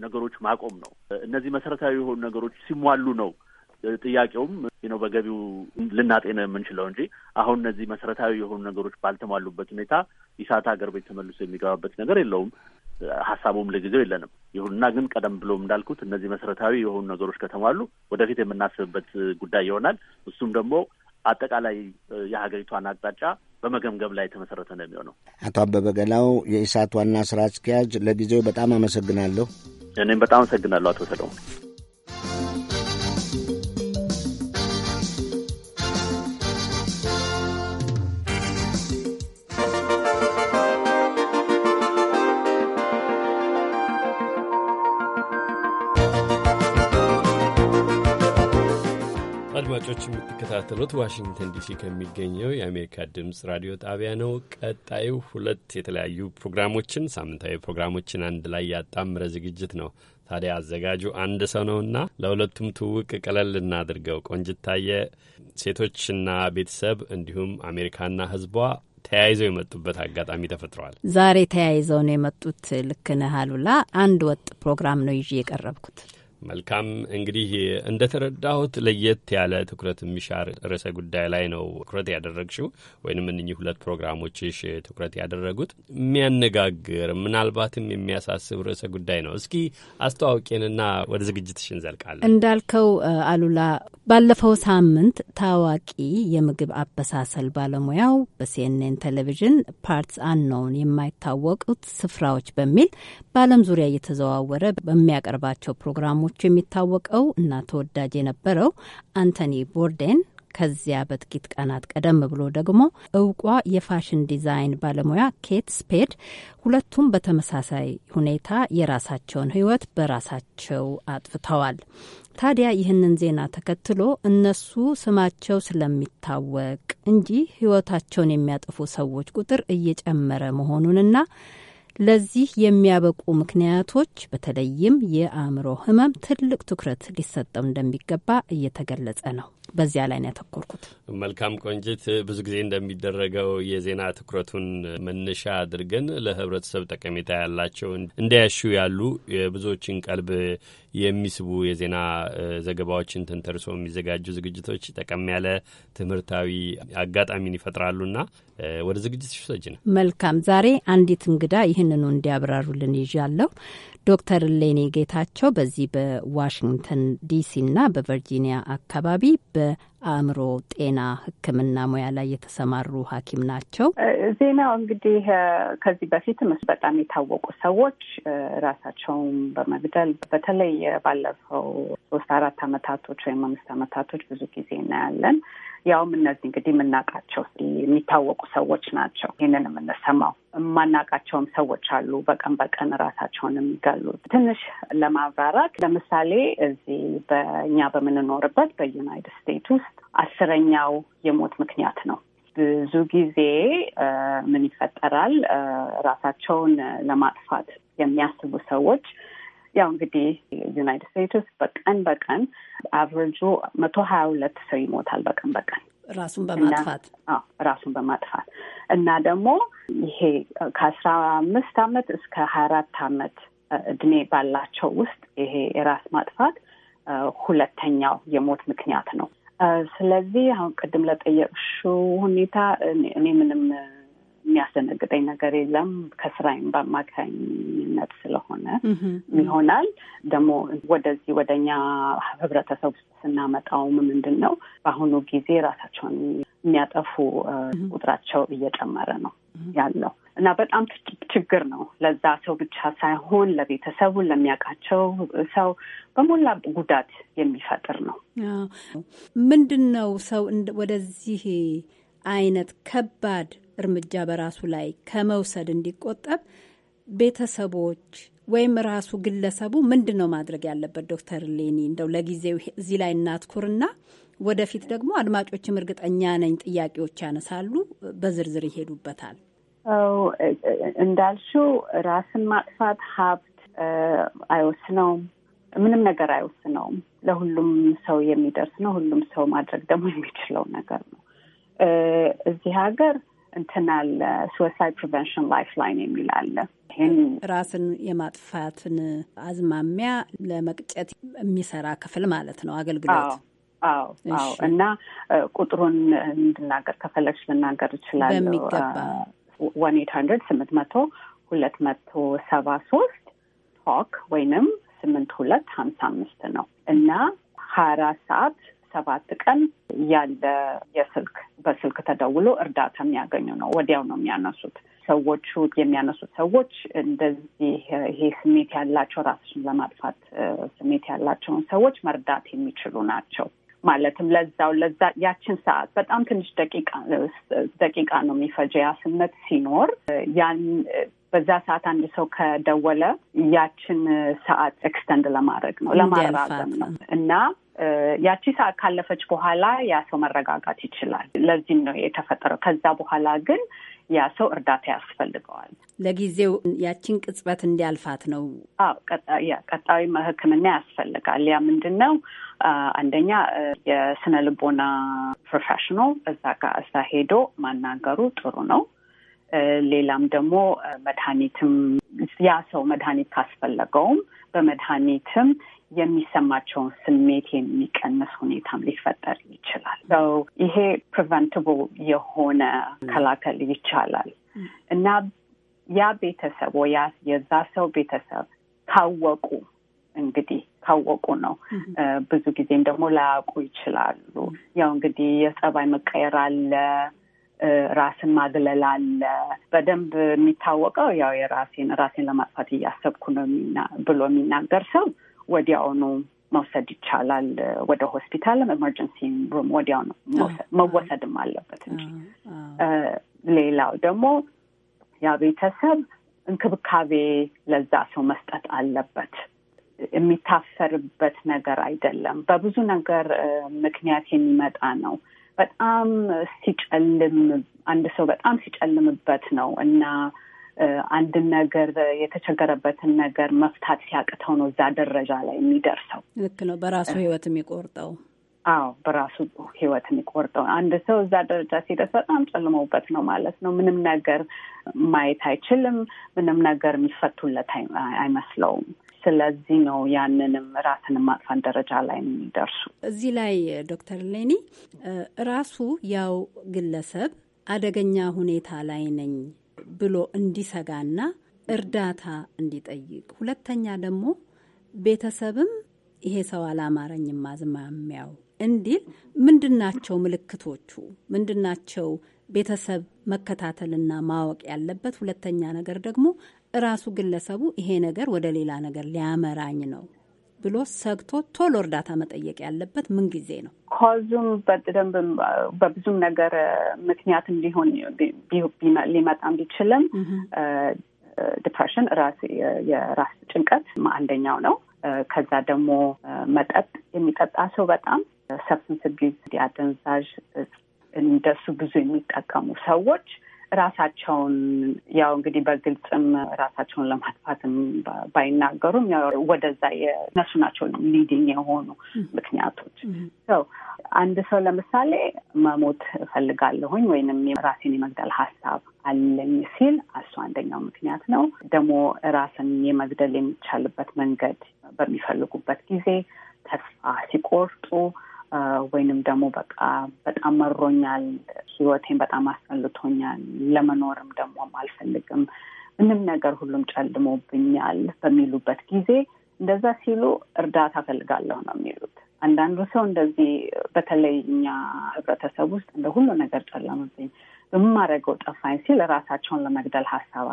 ነገሮች ማቆም ነው። እነዚህ መሰረታዊ የሆኑ ነገሮች ሲሟሉ ነው ጥያቄውም ነው በገቢው ልናጤነ የምንችለው እንጂ አሁን እነዚህ መሰረታዊ የሆኑ ነገሮች ባልተሟሉበት ሁኔታ ኢሳት ሀገር ቤት ተመልሶ የሚገባበት ነገር የለውም። ሀሳቡም ለጊዜው የለንም። ይሁንና ግን ቀደም ብሎ እንዳልኩት እነዚህ መሰረታዊ የሆኑ ነገሮች ከተሟሉ ወደፊት የምናስብበት ጉዳይ ይሆናል። እሱም ደግሞ አጠቃላይ የሀገሪቷን አቅጣጫ በመገምገም ላይ የተመሰረተ ነው የሚሆነው። አቶ አበበ ገላው የኢሳት ዋና ስራ አስኪያጅ፣ ለጊዜው በጣም አመሰግናለሁ። እኔም በጣም አመሰግናለሁ አቶ ሰለሞን። የምትከታተሉት ዋሽንግተን ዲሲ ከሚገኘው የአሜሪካ ድምፅ ራዲዮ ጣቢያ ነው። ቀጣዩ ሁለት የተለያዩ ፕሮግራሞችን ሳምንታዊ ፕሮግራሞችን አንድ ላይ ያጣመረ ዝግጅት ነው። ታዲያ አዘጋጁ አንድ ሰው ነውና ለሁለቱም ትውውቅ ቀለል እናድርገው። ቆንጅታየ ሴቶችና ቤተሰብ እንዲሁም አሜሪካና ሕዝቧ ተያይዘው የመጡበት አጋጣሚ ተፈጥረዋል። ዛሬ ተያይዘው ነው የመጡት። ልክ ነህ አሉላ። አንድ ወጥ ፕሮግራም ነው ይዤ የቀረብኩት። መልካም እንግዲህ እንደተረዳሁት ለየት ያለ ትኩረት የሚሻር ርዕሰ ጉዳይ ላይ ነው ትኩረት ያደረግሽው ወይንም እነኚህ ሁለት ፕሮግራሞችሽ ትኩረት ያደረጉት የሚያነጋግር ምናልባትም የሚያሳስብ ርዕሰ ጉዳይ ነው። እስኪ አስተዋውቄንና ወደ ዝግጅትሽ እንዘልቃለን። እንዳልከው አሉላ፣ ባለፈው ሳምንት ታዋቂ የምግብ አበሳሰል ባለሙያው በሲኤንኤን ቴሌቪዥን ፓርትስ አንነውን የማይታወቁት ስፍራዎች በሚል በአለም ዙሪያ እየተዘዋወረ በሚያቀርባቸው ፕሮግራሙ በፕሮግራሞቹ የሚታወቀው እና ተወዳጅ የነበረው አንቶኒ ቦርዴን ከዚያ በጥቂት ቀናት ቀደም ብሎ ደግሞ እውቋ የፋሽን ዲዛይን ባለሙያ ኬት ስፔድ ሁለቱም በተመሳሳይ ሁኔታ የራሳቸውን ሕይወት በራሳቸው አጥፍተዋል። ታዲያ ይህንን ዜና ተከትሎ እነሱ ስማቸው ስለሚታወቅ እንጂ ሕይወታቸውን የሚያጠፉ ሰዎች ቁጥር እየጨመረ መሆኑንና ለዚህ የሚያበቁ ምክንያቶች በተለይም የአእምሮ ህመም ትልቅ ትኩረት ሊሰጠው እንደሚገባ እየተገለጸ ነው። በዚያ ላይ ነው ያተኮርኩት። መልካም ቆንጅት፣ ብዙ ጊዜ እንደሚደረገው የዜና ትኩረቱን መነሻ አድርገን ለህብረተሰብ ጠቀሜታ ያላቸው እንዳያሹ ያሉ የብዙዎችን ቀልብ የሚስቡ የዜና ዘገባዎችን ተንተርሶ የሚዘጋጁ ዝግጅቶች ጠቀም ያለ ትምህርታዊ አጋጣሚን ይፈጥራሉና ወደ ዝግጅት ሽሰጅ ነው። መልካም። ዛሬ አንዲት እንግዳ ይህንኑ እንዲያብራሩልን ይዣለሁ። ዶክተር ሌኔ ጌታቸው በዚህ በዋሽንግተን ዲሲና በቨርጂኒያ አካባቢ በአእምሮ ጤና ሕክምና ሙያ ላይ የተሰማሩ ሐኪም ናቸው። ዜናው እንግዲህ ከዚህ በፊትም በጣም የታወቁ ሰዎች ራሳቸውን በመግደል በተለይ ባለፈው ሶስት አራት አመታቶች ወይም አምስት አመታቶች ብዙ ጊዜ እናያለን። ያውም እነዚህ እንግዲህ የምናውቃቸው የሚታወቁ ሰዎች ናቸው። ይህንን የምንሰማው የማናውቃቸውም ሰዎች አሉ። በቀን በቀን ራሳቸውን የሚገሉት ትንሽ ለማብራራት ለምሳሌ እዚህ በእኛ በምንኖርበት በዩናይትድ ስቴትስ ውስጥ አስረኛው የሞት ምክንያት ነው። ብዙ ጊዜ ምን ይፈጠራል? ራሳቸውን ለማጥፋት የሚያስቡ ሰዎች ያው እንግዲህ ዩናይትድ ስቴትስ ውስጥ በቀን በቀን አቨሬጁ መቶ ሀያ ሁለት ሰው ይሞታል በቀን በቀን ራሱን በማጥፋት ራሱን በማጥፋት እና ደግሞ ይሄ ከአስራ አምስት አመት እስከ ሀያ አራት አመት እድሜ ባላቸው ውስጥ ይሄ የራስ ማጥፋት ሁለተኛው የሞት ምክንያት ነው። ስለዚህ አሁን ቅድም ለጠየቅሽው ሁኔታ እኔ ምንም የሚያስደነግጠኝ ነገር የለም። ከስራይም በአማካኝነት ስለሆነ ይሆናል። ደግሞ ወደዚህ ወደኛ ህብረተሰብ ውስጥ ስናመጣውም ምንድን ነው በአሁኑ ጊዜ ራሳቸውን የሚያጠፉ ቁጥራቸው እየጨመረ ነው ያለው እና በጣም ችግር ነው። ለዛ ሰው ብቻ ሳይሆን ለቤተሰቡ ለሚያውቃቸው ሰው በሞላ ጉዳት የሚፈጥር ነው። ምንድን ነው ሰው ወደዚህ አይነት ከባድ እርምጃ በራሱ ላይ ከመውሰድ እንዲቆጠብ ቤተሰቦች ወይም ራሱ ግለሰቡ ምንድን ነው ማድረግ ያለበት? ዶክተር ሌኒ እንደው ለጊዜው እዚህ ላይ እናትኩርና ወደፊት ደግሞ አድማጮችም እርግጠኛ ነኝ ጥያቄዎች ያነሳሉ፣ በዝርዝር ይሄዱበታል። እንዳልሽው ራስን ማጥፋት ሀብት አይወስነውም፣ ምንም ነገር አይወስነውም። ለሁሉም ሰው የሚደርስ ነው። ሁሉም ሰው ማድረግ ደግሞ የሚችለው ነገር ነው። እዚህ ሀገር እንትን አለ ሱሳይድ ፕሪቨንሽን ላይፍ ላይን የሚል አለ። ይህን ራስን የማጥፋትን አዝማሚያ ለመቅጨት የሚሰራ ክፍል ማለት ነው አገልግሎት። አዎ እና ቁጥሩን እንድናገር ከፈለግሽ ልናገር እችላለሁ። በሚገባ ዋን ኤት ሀንድረድ ስምንት መቶ ሁለት መቶ ሰባ ሶስት ቶክ ወይንም ስምንት ሁለት ሀምሳ አምስት ነው እና ሀያ አራት ሰዓት ሰባት ቀን ያለ የስልክ በስልክ ተደውሎ እርዳታ የሚያገኙ ነው። ወዲያው ነው የሚያነሱት ሰዎቹ የሚያነሱት ሰዎች እንደዚህ ይሄ ስሜት ያላቸው ራሱን ለማጥፋት ስሜት ያላቸውን ሰዎች መርዳት የሚችሉ ናቸው። ማለትም ለዛው ለዛ ያችን ሰዓት በጣም ትንሽ ደቂቃ ደቂቃ ነው የሚፈጀ ያ ስሜት ሲኖር ያን በዛ ሰዓት አንድ ሰው ከደወለ ያችን ሰዓት ኤክስተንድ ለማድረግ ነው ለማራዘም ነው እና ያቺ ሰዓት ካለፈች በኋላ ያ ሰው መረጋጋት ይችላል። ለዚህም ነው የተፈጠረው። ከዛ በኋላ ግን ያ ሰው እርዳታ ያስፈልገዋል። ለጊዜው ያቺን ቅጽበት እንዲያልፋት ነው። አዎ ቀጣዊ ሕክምና ያስፈልጋል። ያ ምንድን ነው? አንደኛ የስነ ልቦና ፕሮፌሽናል እዛ ጋር እዛ ሄዶ ማናገሩ ጥሩ ነው። ሌላም ደግሞ መድኃኒትም ያ ሰው መድኃኒት ካስፈለገውም በመድኃኒትም የሚሰማቸውን ስሜት የሚቀንስ ሁኔታም ሊፈጠር ይችላል። ሰው ይሄ ፕሪቨንትብል የሆነ መከላከል ይቻላል እና ያ ቤተሰብ ወያ የዛ ሰው ቤተሰብ ካወቁ እንግዲህ ካወቁ ነው። ብዙ ጊዜም ደግሞ ላያውቁ ይችላሉ። ያው እንግዲህ የጸባይ መቀየር አለ ራስን ማግለል አለ። በደንብ የሚታወቀው ያው የራሴን ራሴን ለማጥፋት እያሰብኩ ነው ብሎ የሚናገር ሰው ወዲያውኑ መውሰድ ይቻላል ወደ ሆስፒታል ኤመርጀንሲ ሩም ነው መወሰድም አለበት እንጂ ሌላው ደግሞ ያ ቤተሰብ እንክብካቤ ለዛ ሰው መስጠት አለበት። የሚታፈርበት ነገር አይደለም። በብዙ ነገር ምክንያት የሚመጣ ነው። በጣም ሲጨልም አንድ ሰው በጣም ሲጨልምበት ነው እና አንድን ነገር የተቸገረበትን ነገር መፍታት ሲያቅተው ነው እዛ ደረጃ ላይ የሚደርሰው። ልክ ነው። በራሱ ህይወት የሚቆርጠው አዎ፣ በራሱ ህይወት የሚቆርጠው አንድ ሰው እዛ ደረጃ ሲደርስ በጣም ጨልመውበት ነው ማለት ነው። ምንም ነገር ማየት አይችልም። ምንም ነገር የሚፈቱለት አይመስለውም። ስለዚህ ነው ያንንም ራስን ማጥፋን ደረጃ ላይ የሚደርሱ። እዚህ ላይ ዶክተር ሌኒ ራሱ ያው ግለሰብ አደገኛ ሁኔታ ላይ ነኝ ብሎ እንዲሰጋና እርዳታ እንዲጠይቅ፣ ሁለተኛ ደግሞ ቤተሰብም ይሄ ሰው አላማረኝም አዝማሚያው እንዲል ምንድናቸው ምልክቶቹ ምንድናቸው? ቤተሰብ መከታተልና ማወቅ ያለበት። ሁለተኛ ነገር ደግሞ ራሱ ግለሰቡ ይሄ ነገር ወደ ሌላ ነገር ሊያመራኝ ነው ብሎ ሰግቶ ቶሎ እርዳታ መጠየቅ ያለበት ምን ጊዜ ነው? ኮዙም በደንብ በብዙም ነገር ምክንያትም ሊሆን ሊመጣም ቢችልም ዲፕሬሽን የራስ ጭንቀት አንደኛው ነው። ከዛ ደግሞ መጠጥ የሚጠጣ ሰው በጣም ሰብስንስ ቢዝ አደንዛዥ እንደሱ ብዙ የሚጠቀሙ ሰዎች ራሳቸውን ያው እንግዲህ በግልጽም ራሳቸውን ለማጥፋትም ባይናገሩም ወደዛ የነሱ ናቸው ሊዲንግ የሆኑ ምክንያቶች። አንድ ሰው ለምሳሌ መሞት እፈልጋለሁኝ ወይንም ራሴን የመግደል ሀሳብ አለኝ ሲል እሱ አንደኛው ምክንያት ነው። ደግሞ ራስን የመግደል የሚቻልበት መንገድ በሚፈልጉበት ጊዜ ተስፋ ሲቆርጡ ወይንም ደግሞ በቃ በጣም መሮኛል፣ ህይወቴን በጣም አስጠልቶኛል ለመኖርም ደግሞ አልፈልግም፣ ምንም ነገር ሁሉም ጨልሞብኛል በሚሉበት ጊዜ እንደዛ ሲሉ እርዳታ ፈልጋለሁ ነው የሚሉት። አንዳንዱ ሰው እንደዚህ በተለይ እኛ ህብረተሰብ ውስጥ እንደ ሁሉ ነገር ጨለምብኝ የማደርገው ጠፋኝ ሲል ራሳቸውን ለመግደል ሀሳብ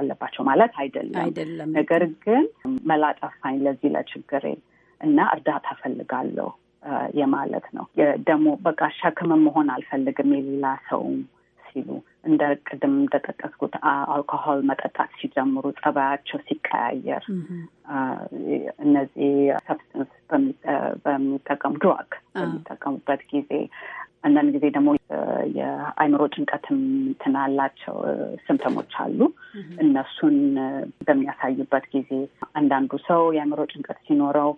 አለባቸው ማለት አይደለም። ነገር ግን መላ ጠፋኝ ለዚህ ለችግሬ እና እርዳታ ፈልጋለሁ የማለት ነው። ደግሞ በቃ ሸክምም መሆን አልፈልግም የሌላ ሰውም ሲሉ እንደ ቅድም እንደጠቀስኩት አልኮሆል መጠጣት ሲጀምሩ ጸባያቸው ሲቀያየር እነዚህ ሰብስተንስ በሚጠቀሙ ድራግ በሚጠቀሙበት ጊዜ አንዳንድ ጊዜ ደግሞ የአይምሮ ጭንቀትም እንትን አላቸው ስምተሞች አሉ። እነሱን በሚያሳዩበት ጊዜ አንዳንዱ ሰው የአይምሮ ጭንቀት ሲኖረው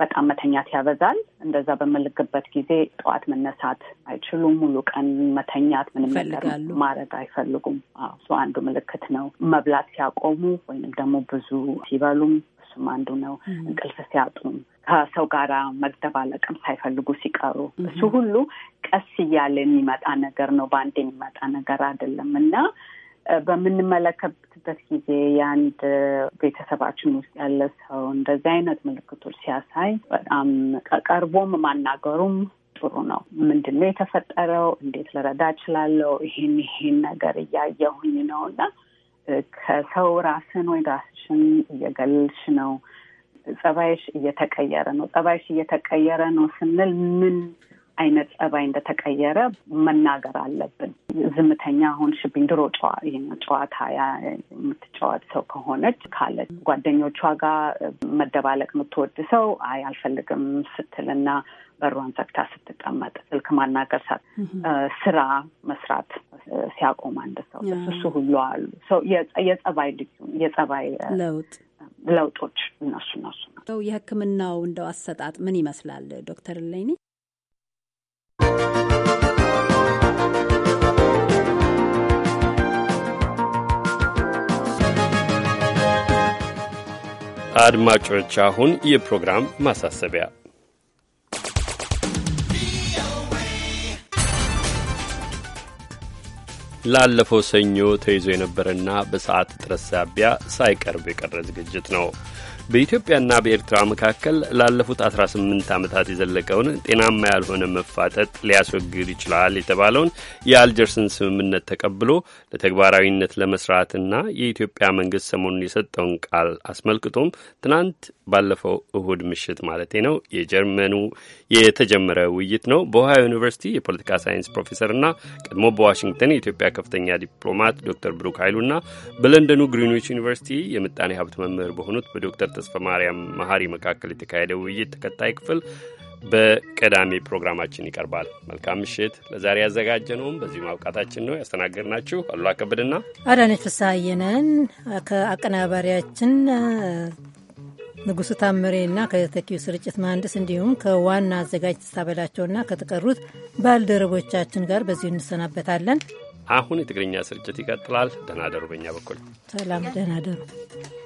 በጣም መተኛት ያበዛል። እንደዛ በምልግበት ጊዜ ጠዋት መነሳት አይችሉም። ሙሉ ቀን መተኛት፣ ምንም ነገር ማድረግ አይፈልጉም። እሱ አንዱ ምልክት ነው። መብላት ሲያቆሙ ወይንም ደግሞ ብዙ ሲበሉም እሱም አንዱ ነው። እንቅልፍ ሲያጡም ከሰው ጋር መደባለቅም ሳይፈልጉ ሲቀሩ እሱ ሁሉ ቀስ እያለ የሚመጣ ነገር ነው። በአንድ የሚመጣ ነገር አይደለም እና በምንመለከትበት ጊዜ የአንድ ቤተሰባችን ውስጥ ያለ ሰው እንደዚህ አይነት ምልክቶች ሲያሳይ በጣም ቀርቦም ማናገሩም ጥሩ ነው። ምንድን ነው የተፈጠረው? እንዴት ልረዳ እችላለሁ? ይሄን ይሄን ነገር እያየሁኝ ነው እና ከሰው ራስን ወይ ራስሽን እየገለልሽ ነው ጸባይሽ እየተቀየረ ነው። ጸባይሽ እየተቀየረ ነው ስንል ምን አይነት ጸባይ እንደተቀየረ መናገር አለብን። ዝምተኛ ሽብኝ ድሮ ጨዋታ የምትጫወት ሰው ከሆነች ካለ ጓደኞቿ ጋር መደባለቅ የምትወድ ሰው አይ አልፈልግም ስትልና በሯን ዘግታ ስትቀመጥ ስልክ ማናገር ሳ ስራ መስራት ሲያቆም አንድ ሰው እሱ ሁሉ አሉ የጸባይ ልዩ የጸባይ ለውጥ ለውጦች እነሱ እነሱ ነው። የህክምናው እንደው አሰጣጥ ምን ይመስላል ዶክተር ለይኒ? አድማጮች አሁን የፕሮግራም ማሳሰቢያ ላለፈው ሰኞ ተይዞ የነበረና በሰዓት እጥረት ሳቢያ ሳይቀርብ የቀረ ዝግጅት ነው። በኢትዮጵያና በኤርትራ መካከል ላለፉት 18 ዓመታት የዘለቀውን ጤናማ ያልሆነ መፋጠጥ ሊያስወግድ ይችላል የተባለውን የአልጀርስን ስምምነት ተቀብሎ ለተግባራዊነት ለመስራትና የኢትዮጵያ መንግስት ሰሞኑን የሰጠውን ቃል አስመልክቶም ትናንት ባለፈው እሁድ ምሽት ማለቴ ነው የጀርመኑ የተጀመረ ውይይት ነው። በኦሃዮ ዩኒቨርሲቲ የፖለቲካ ሳይንስ ፕሮፌሰርና ቀድሞ በዋሽንግተን የኢትዮጵያ ከፍተኛ ዲፕሎማት ዶክተር ብሩክ ኃይሉና በለንደኑ ግሪንዊች ዩኒቨርሲቲ የምጣኔ ሀብት መምህር በሆኑት በዶክተር ተስፈ ማርያም መሀሪ መካከል የተካሄደ ውይይት ተከታይ ክፍል በቀዳሚ ፕሮግራማችን ይቀርባል። መልካም ምሽት። ለዛሬ ያዘጋጀነውም በዚህ ማብቃታችን ነው። ያስተናገድናችሁ አሉላ ከበድና አዳነች ፍስሐየነን ከአቀናባሪያችን ንጉሥ ታምሬና ከተኪው ስርጭት መሐንድስ እንዲሁም ከዋና አዘጋጅ ተስታበላቸውና ከተቀሩት ባልደረቦቻችን ጋር በዚሁ እንሰናበታለን። አሁን የትግርኛ ስርጭት ይቀጥላል። ደህና ደሩ። በእኛ በኩል ሰላም፣ ደህና ደሩ።